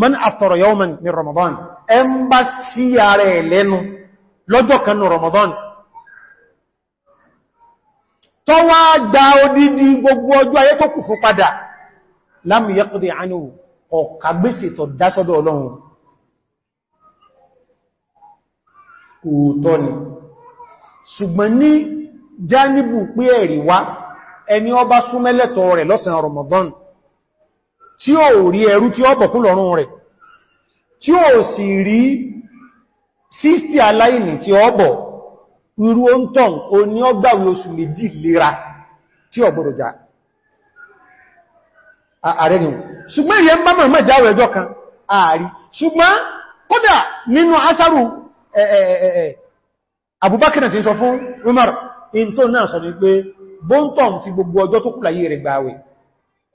man aftara yawman min Ramadan ẹn bá sí ààrẹ lẹ́nu lọ́jọ́ kanú Ramadan tó wá gba odidi gbogbo ọjọ́ ayé tó kù fún padà lam yaqdi anhu ọ̀kàgbèsè tó dásọ́dọ̀ Ọlọ́run òótọ́ ni ṣùgbọ́n ní jánibù pé ẹ̀rí wá ẹni ọba súnmẹ́lẹ̀tọ̀ rẹ̀ lọ́sàn Ramadan tí ó rí ẹrú tí ó bọ̀kún lọ́rún rẹ̀ tí ó sì rí sísì aláìní tí ó bọ̀ irú ó ń tàn ó ní ọgbàwé oṣù méjì lera tí gbọ́dọ̀ ààrẹ ni kan Eh, eh, eh, Abubakar ti sọ fún Umar in tó náà sọ ní pé bóntọ̀n fi gbogbo ọjọ́ tó kúlàyé rẹ̀ wee.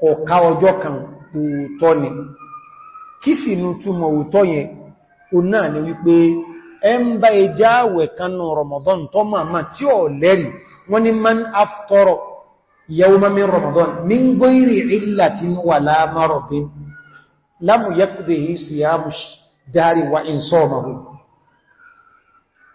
ọ̀ká ọjọ́ kan òótọ́ ni kí sì ní túnmọ̀ òótọ́ yẹn o náà ni wípé ẹ bá ẹjá àwẹ̀ kanú Ramadan tó máa tí ọ lẹ́rì wọ́n ni man aftara yawma min Ramadan min wa in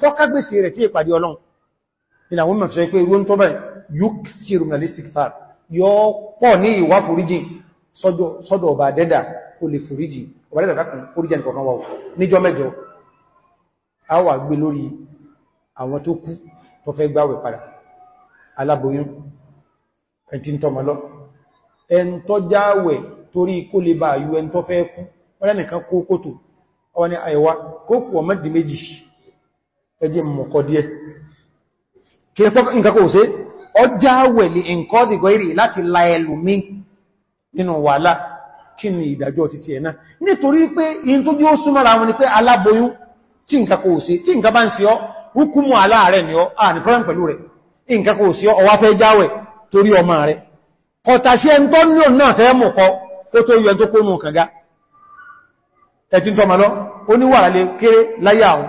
sọ́kágbèsè rẹ̀ tí ìpàdé ọlọ́run ìlà wọn mẹ́fẹ́ pé irú tó bẹ̀ yúkìrù nàlìsìkìtàr yọ pọ̀ ní ìwà foríjì sọ́dọ̀ ọba dẹ́dà kó lè foríjì ọba dẹ́dà dákùn foríjì nìkọ̀kan wà níjọ́ mẹ́jọ a wà gbé lórí àwọn tó kú tó fẹ́ gbáwẹ̀ padà aláboyún ẹ̀tí tọmọlọ ẹn tó jáwẹ̀ torí kó lè bá yú ẹn tó wọ́n ni àìwá kó ọmọdé méjì ẹjẹ́ mọ̀kọ̀ díẹ̀ kí ẹ pọ́kọ̀ nǹkan kò ṣe ọjá wẹ̀ ní nǹkan dìgọ́ ìrì láti la ẹlùmí nínú wàhálà kí ni ìdájọ́ títí ẹ̀nà nítorí pé in tó jí ó súnmọ́ra wọn ni pé aláboyún tí nǹkan kò ṣe ni ọ́ à ní pẹ́rẹ́ pẹ̀lú rẹ̀ nǹkan kò ṣe ọwá fẹ́ jáwẹ̀ torí ọmọ rẹ̀ kọ̀tàṣẹ́ ń tọ́ ní ọ̀nà fẹ́ ẹ̀tí tọ́mọ lọ kéré láyé àwọn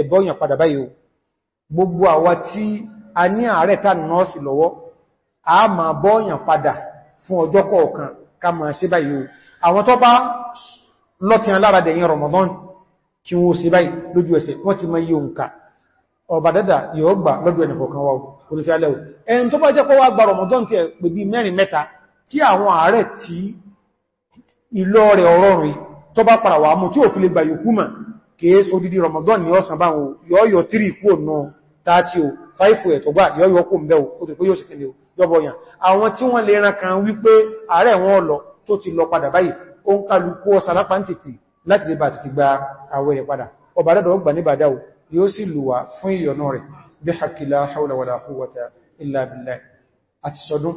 ẹ̀bọ́yàn padà báyìí o gbogbo àwa tí a ní ààrẹ tà nọ́ọ̀sì lọ́wọ́ a máa bọ́yàn padà fún ọjọ́ kọ̀ọ̀kan ká máa ṣe báyìí o àwọn tó bá lọ́tíyàn lára dẹ̀yìn Ramadan kí wọ́n ṣe báyìí lójú ẹsẹ̀ wọ́n ti máa yí òǹkà ọba dada wa onífẹ́ alẹ́wò ẹn tó bá jẹ́ kọ́ wá gba Ramadan tí ẹ pè bí ò fi lè gbà yòókù mọ̀ é so dídí Ramadan ni ọ̀sán bá wọn yọ́yọ̀ 3 kú ọ̀nà 30 o 5 ẹ̀tọ̀ gbà yọ́yọ̀ kú mẹ́ o ó tó pé yóò sì kẹ́lẹ̀ o yọ́bọ̀ yàn àwọn tí wọ́n lè ran kan wípé ààrẹ wọn lọ tó ti lọ padà báyìí ó ń kálukú ọ̀sàlápá ń tètè láti lè bà ti gba àwẹ̀ rẹ̀ padà ọba dẹ́dọ̀ gbà ní bàdá o yóò sì lùwà fún ìyọ̀nà rẹ̀ bí hakila haula wala quwwata illa billah àti sọdún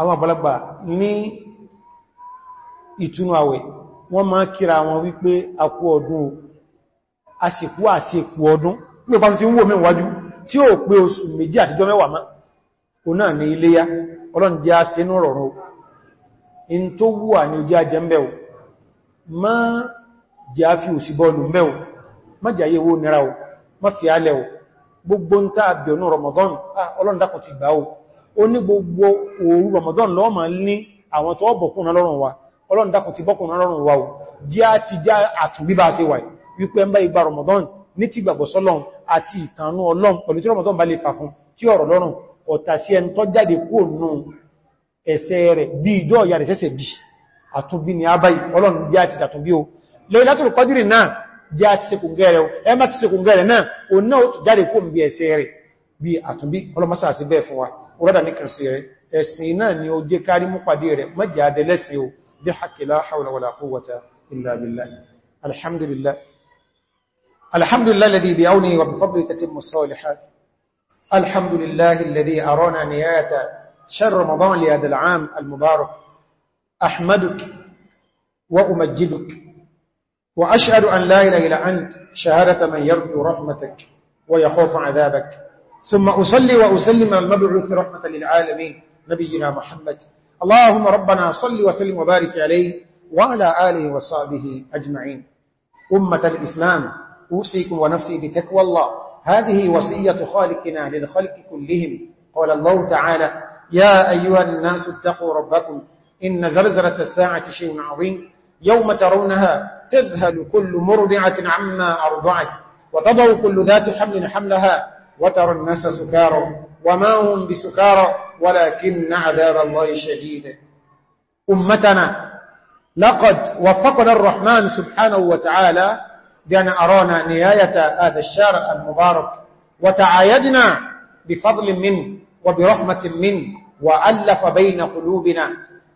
àwọn àgbàlagbà ní ìtúnú àwẹ̀ wọ́n máa kíra wọn wípé akú ọdún àsìkú àsìkú ọdún ló bá ti ń wò mí wájú tí ó pé oṣù méjì àtijọ́ mẹ́wàá má o náà ní iléyá ọlọ́n jẹ́ àṣẹ inú rọ̀rùn in o Ramadan ọlọ́n dákùn ti gbà o ní gbogbo òru Ramadan lọ́ọ̀mà ní àwọn tó ọ̀bọ̀kún ọlọ́run dákùn ti bọ́kùn rọrùn wa jí a ti já àtún bíbá ṣe wà wípé ń bá igba Ramadan ní ti gbàgbọ́ sọ́lọ́run àti ìtànú ọlọ́run pẹ̀lú tí Ramadan bá lè fà fún tí ọ̀rọ̀ lọ́rùn ọ̀tà sí ẹni tó jáde kúrò nù ẹ̀ṣẹ̀ rẹ̀ bí ìjọ ìyà rẹ̀ sẹ́sẹ̀ bí àtúnbí ni abáyì ọlọ́run jẹ́ àti tàtúnbí o Lailatul Qadri náà jẹ́ àti sekùngẹ́rẹ̀ ẹ má ẹ̀sìn náà ni ó jẹ́ kárí mú pàdé rẹ̀ mọ́jẹ́ adẹ́lẹ́sìn o بحق لا حول ولا قوة إلا بالله الحمد لله الحمد لله الذي بعونه وبفضله تتم الصالحات الحمد لله الذي أرانا نهاية شهر رمضان لهذا العام المبارك أحمدك وأمجدك وأشهد أن لا إله إلا أنت شهادة من يرجو رحمتك ويخوف عذابك ثم أصلي وأسلم المبعوث رحمة للعالمين نبينا محمد اللهم ربنا صل وسلم وبارك عليه وعلى آله وصحبه أجمعين أمة الإسلام أوصيكم ونفسي بتكوى الله هذه وصية خالقنا للخلق كلهم قال الله تعالى يا أيها الناس اتقوا ربكم إن زلزلة الساعة شيء عظيم يوم ترونها تذهل كل مرضعة عما أرضعت وتضع كل ذات حمل حملها وترى الناس سكارا وما هم بسكارا ولكن عذاب الله شديد أمتنا لقد وفقنا الرحمن سبحانه وتعالى بأن أرانا نهاية هذا الشارع المبارك وتعايدنا بفضل منه وبرحمة منه وألف بين قلوبنا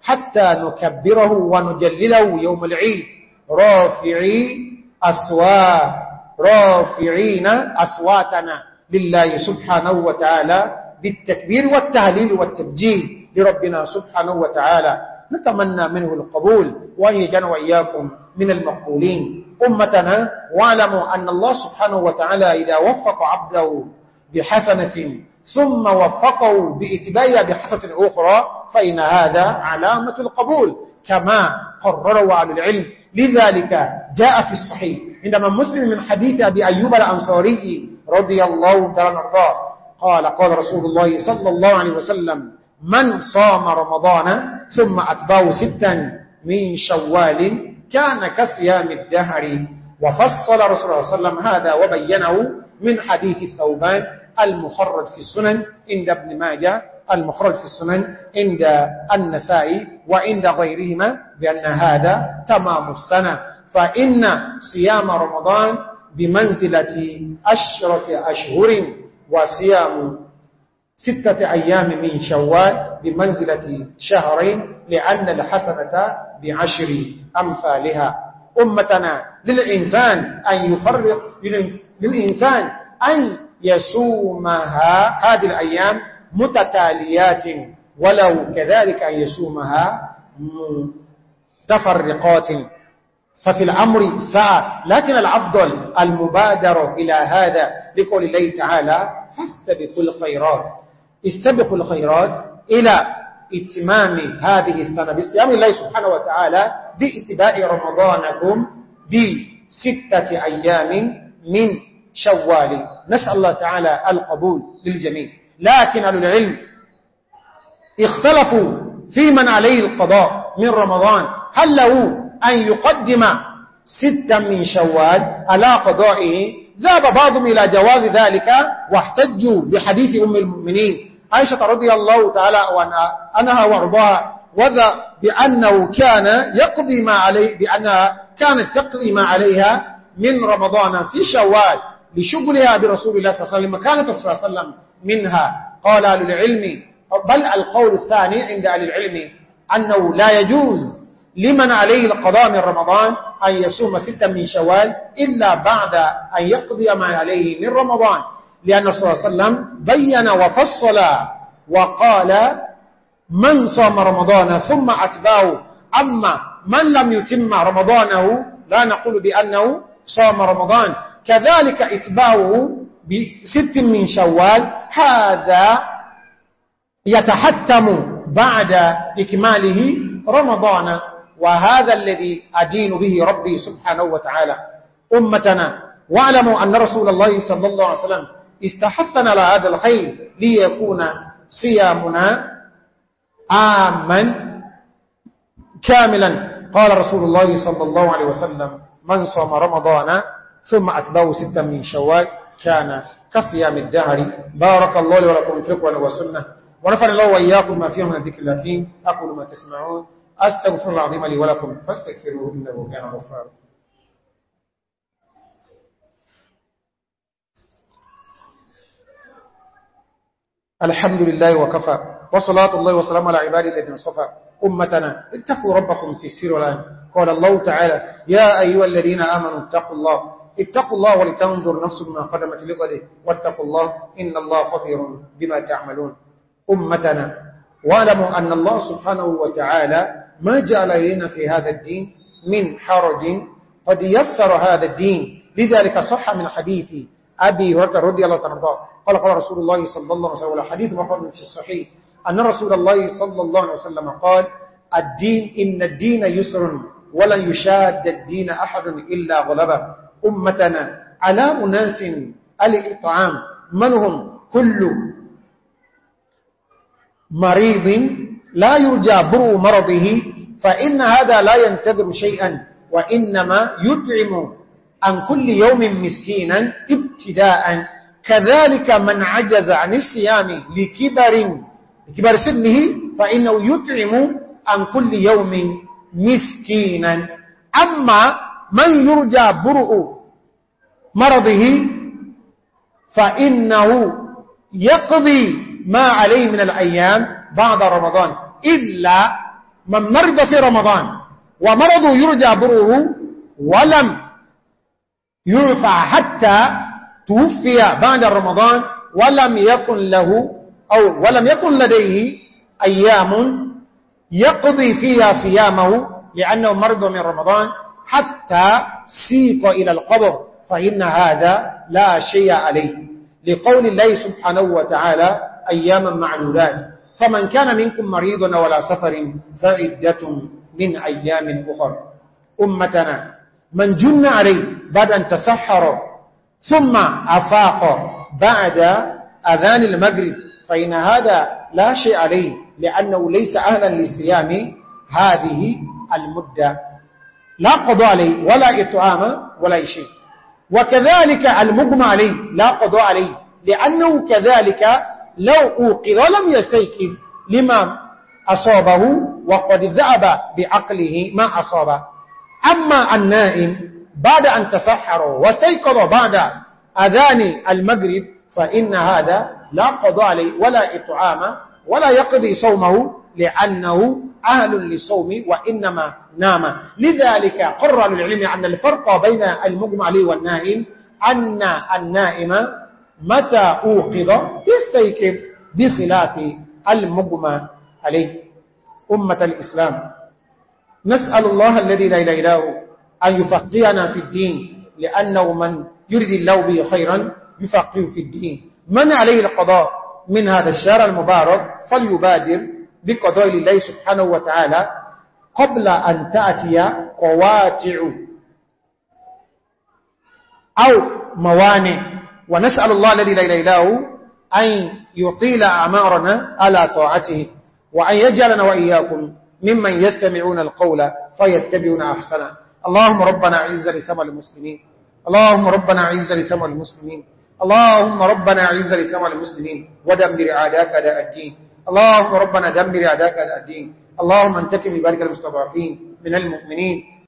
حتى نكبره ونجلله يوم العيد رافعي أسواء رافعين أسواتنا لله سبحانه وتعالى بالتكبير والتهليل والتبجيل لربنا سبحانه وتعالى نتمنى منه القبول وأن يجعل وإياكم من المقبولين أمتنا واعلموا أن الله سبحانه وتعالى إذا وفق عبده بحسنة ثم وفقوا بإتباعها بحسنة أخرى فإن هذا علامة القبول كما قرروا على العلم لذلك جاء في الصحيح عندما مسلم من حديث أبي أيوب الأنصاري رضي الله تعالى عنه قال قال رسول الله صلى الله عليه وسلم من صام رمضان ثم أتباه ستا من شوال كان كصيام الدهر وفصل رسول الله صلى الله عليه وسلم هذا وبينه من حديث الثوبان المخرج في السنن عند ابن ماجه المخرج في السنن عند النسائي وعند غيرهما بأن هذا تمام السنة فإن صيام رمضان بمنزلة أشرة أشهر وصيام ستة أيام من شوال بمنزلة شهرين لأن الحسنة بعشر أمثالها أمتنا للإنسان أن يفرق للإنسان أن يسومها هذه الأيام متتاليات ولو كذلك أن يسومها متفرقات ففي الأمر ساعة لكن الأفضل المبادرة إلى هذا لقول الله تعالى فاستبقوا الخيرات استبقوا الخيرات إلى اتمام هذه السنة بالسيام الله سبحانه وتعالى باتباع رمضانكم بستة أيام من شوال نسأل الله تعالى القبول للجميع لكن أهل العلم اختلفوا في من عليه القضاء من رمضان هل له أن يقدم ستا من شوال على قضائه ذهب بعضهم إلى جواز ذلك واحتجوا بحديث أم المؤمنين عائشة رضي الله تعالى عنها وارضاها وذا بأنه كان يقضي ما عليه بأنها كانت تقضي ما عليها من رمضان في شوال لشغلها برسول الله صلى الله عليه وسلم كانت صلى الله عليه وسلم منها قال أهل العلم بل القول الثاني عند أهل العلم أنه لا يجوز لمن عليه القضاء من رمضان أن يصوم ستا من شوال إلا بعد أن يقضي ما عليه من رمضان لأن رسول الله صلى الله عليه وسلم بين وفصل وقال من صام رمضان ثم أتباعه أما من لم يتم رمضانه لا نقول بأنه صام رمضان كذلك إتباعه بست من شوال هذا يتحتم بعد إكماله رمضان وهذا الذي أدين به ربي سبحانه وتعالى أمتنا واعلموا أن رسول الله صلى الله عليه وسلم استحثنا على هذا الخير ليكون صيامنا عاما كاملا قال رسول الله صلى الله عليه وسلم من صام رمضان ثم أتباه ستا من شوال كان كصيام الدهر بارك الله لي ولكم في القرآن والسنة ونفعل الله وإياكم ما فيهم من الذكر الحكيم أقول ما تسمعون أستغفر العظيم لي ولكم فاستغفروه إنه كان غفارا الحمد لله وكفى وصلاة الله وسلام على عبادة الذين صفى أمتنا اتقوا ربكم في السر والآن قال الله تعالى يا أيها الذين آمنوا اتقوا الله اتقوا الله ولتنظر نفس ما قدمت لغده واتقوا الله إن الله خبير بما تعملون أمتنا وعلموا أن الله سبحانه وتعالى ما جعل لنا في هذا الدين من حرج قد يسر هذا الدين لذلك صح من حديث أبي هريرة رضي الله عنه قال قال رسول الله صلى الله عليه وسلم حديث محرم في الصحيح أن رسول الله صلى الله عليه وسلم قال الدين إن الدين يسر ولن يشاد الدين أحد إلا غلبه أمتنا على أناس الإطعام من هم كل مريض لا يرجى برء مرضه فإن هذا لا ينتظر شيئا وإنما يدعم عن كل يوم مسكينا ابتداء كذلك من عجز عن الصيام لكبر لكبر سنه فإنه يطعم عن كل يوم مسكينا أما من يرجى برء مرضه فإنه يقضي ما عليه من الأيام بعد رمضان إلا من مرض في رمضان ومرض يرجى بره ولم يرفع حتى توفي بعد رمضان ولم يكن له أو ولم يكن لديه أيام يقضي فيها صيامه لأنه مرض من رمضان حتى سيق إلى القبر فإن هذا لا شيء عليه لقول الله سبحانه وتعالى أياما معلولات فمن كان منكم مريض ولا سفر فعدة من أيام أخر أمتنا من جن عليه بعد أن تسحر ثم أفاق بعد أذان المغرب فإن هذا لا شيء عليه لأنه ليس أهلا للسيام هذه المدة لا قضاء عليه ولا إطعام ولا شيء وكذلك المغمى عليه لا قضاء عليه لأنه كذلك لو أوقظ لم يستيقظ لما أصابه وقد ذأب بعقله ما أصابه أما النائم بعد أن تسحر واستيقظ بعد أذان المغرب فإن هذا لا قضى عليه ولا إطعام ولا يقضي صومه لأنه أهل للصوم وإنما نام لذلك قرر العلم أن الفرق بين المجمع والنائم أن النائم متى أوقظ يستيقظ بخلاف المجمع عليه أمة الإسلام نسأل الله الذي لا إله إلا هو أن يفقهنا في الدين لأنه من يرد الله به خيرا يفقه في الدين من عليه القضاء من هذا الشهر المبارك فليبادر بقضاء الله سبحانه وتعالى قبل أن تأتي قواتع أو موانع ونسأل الله الذي لا إله أن يطيل أعمارنا على طاعته وأن يجعلنا وإياكم ممن يستمعون القول فيتبعون أحسنا اللهم ربنا عز لسمى المسلمين اللهم ربنا عز لسمى المسلمين اللهم ربنا عز لسمى المسلمين ودمر عداك على الدين اللهم ربنا دمر عداك على الدين اللهم انتكم لبارك المستضعفين من المؤمنين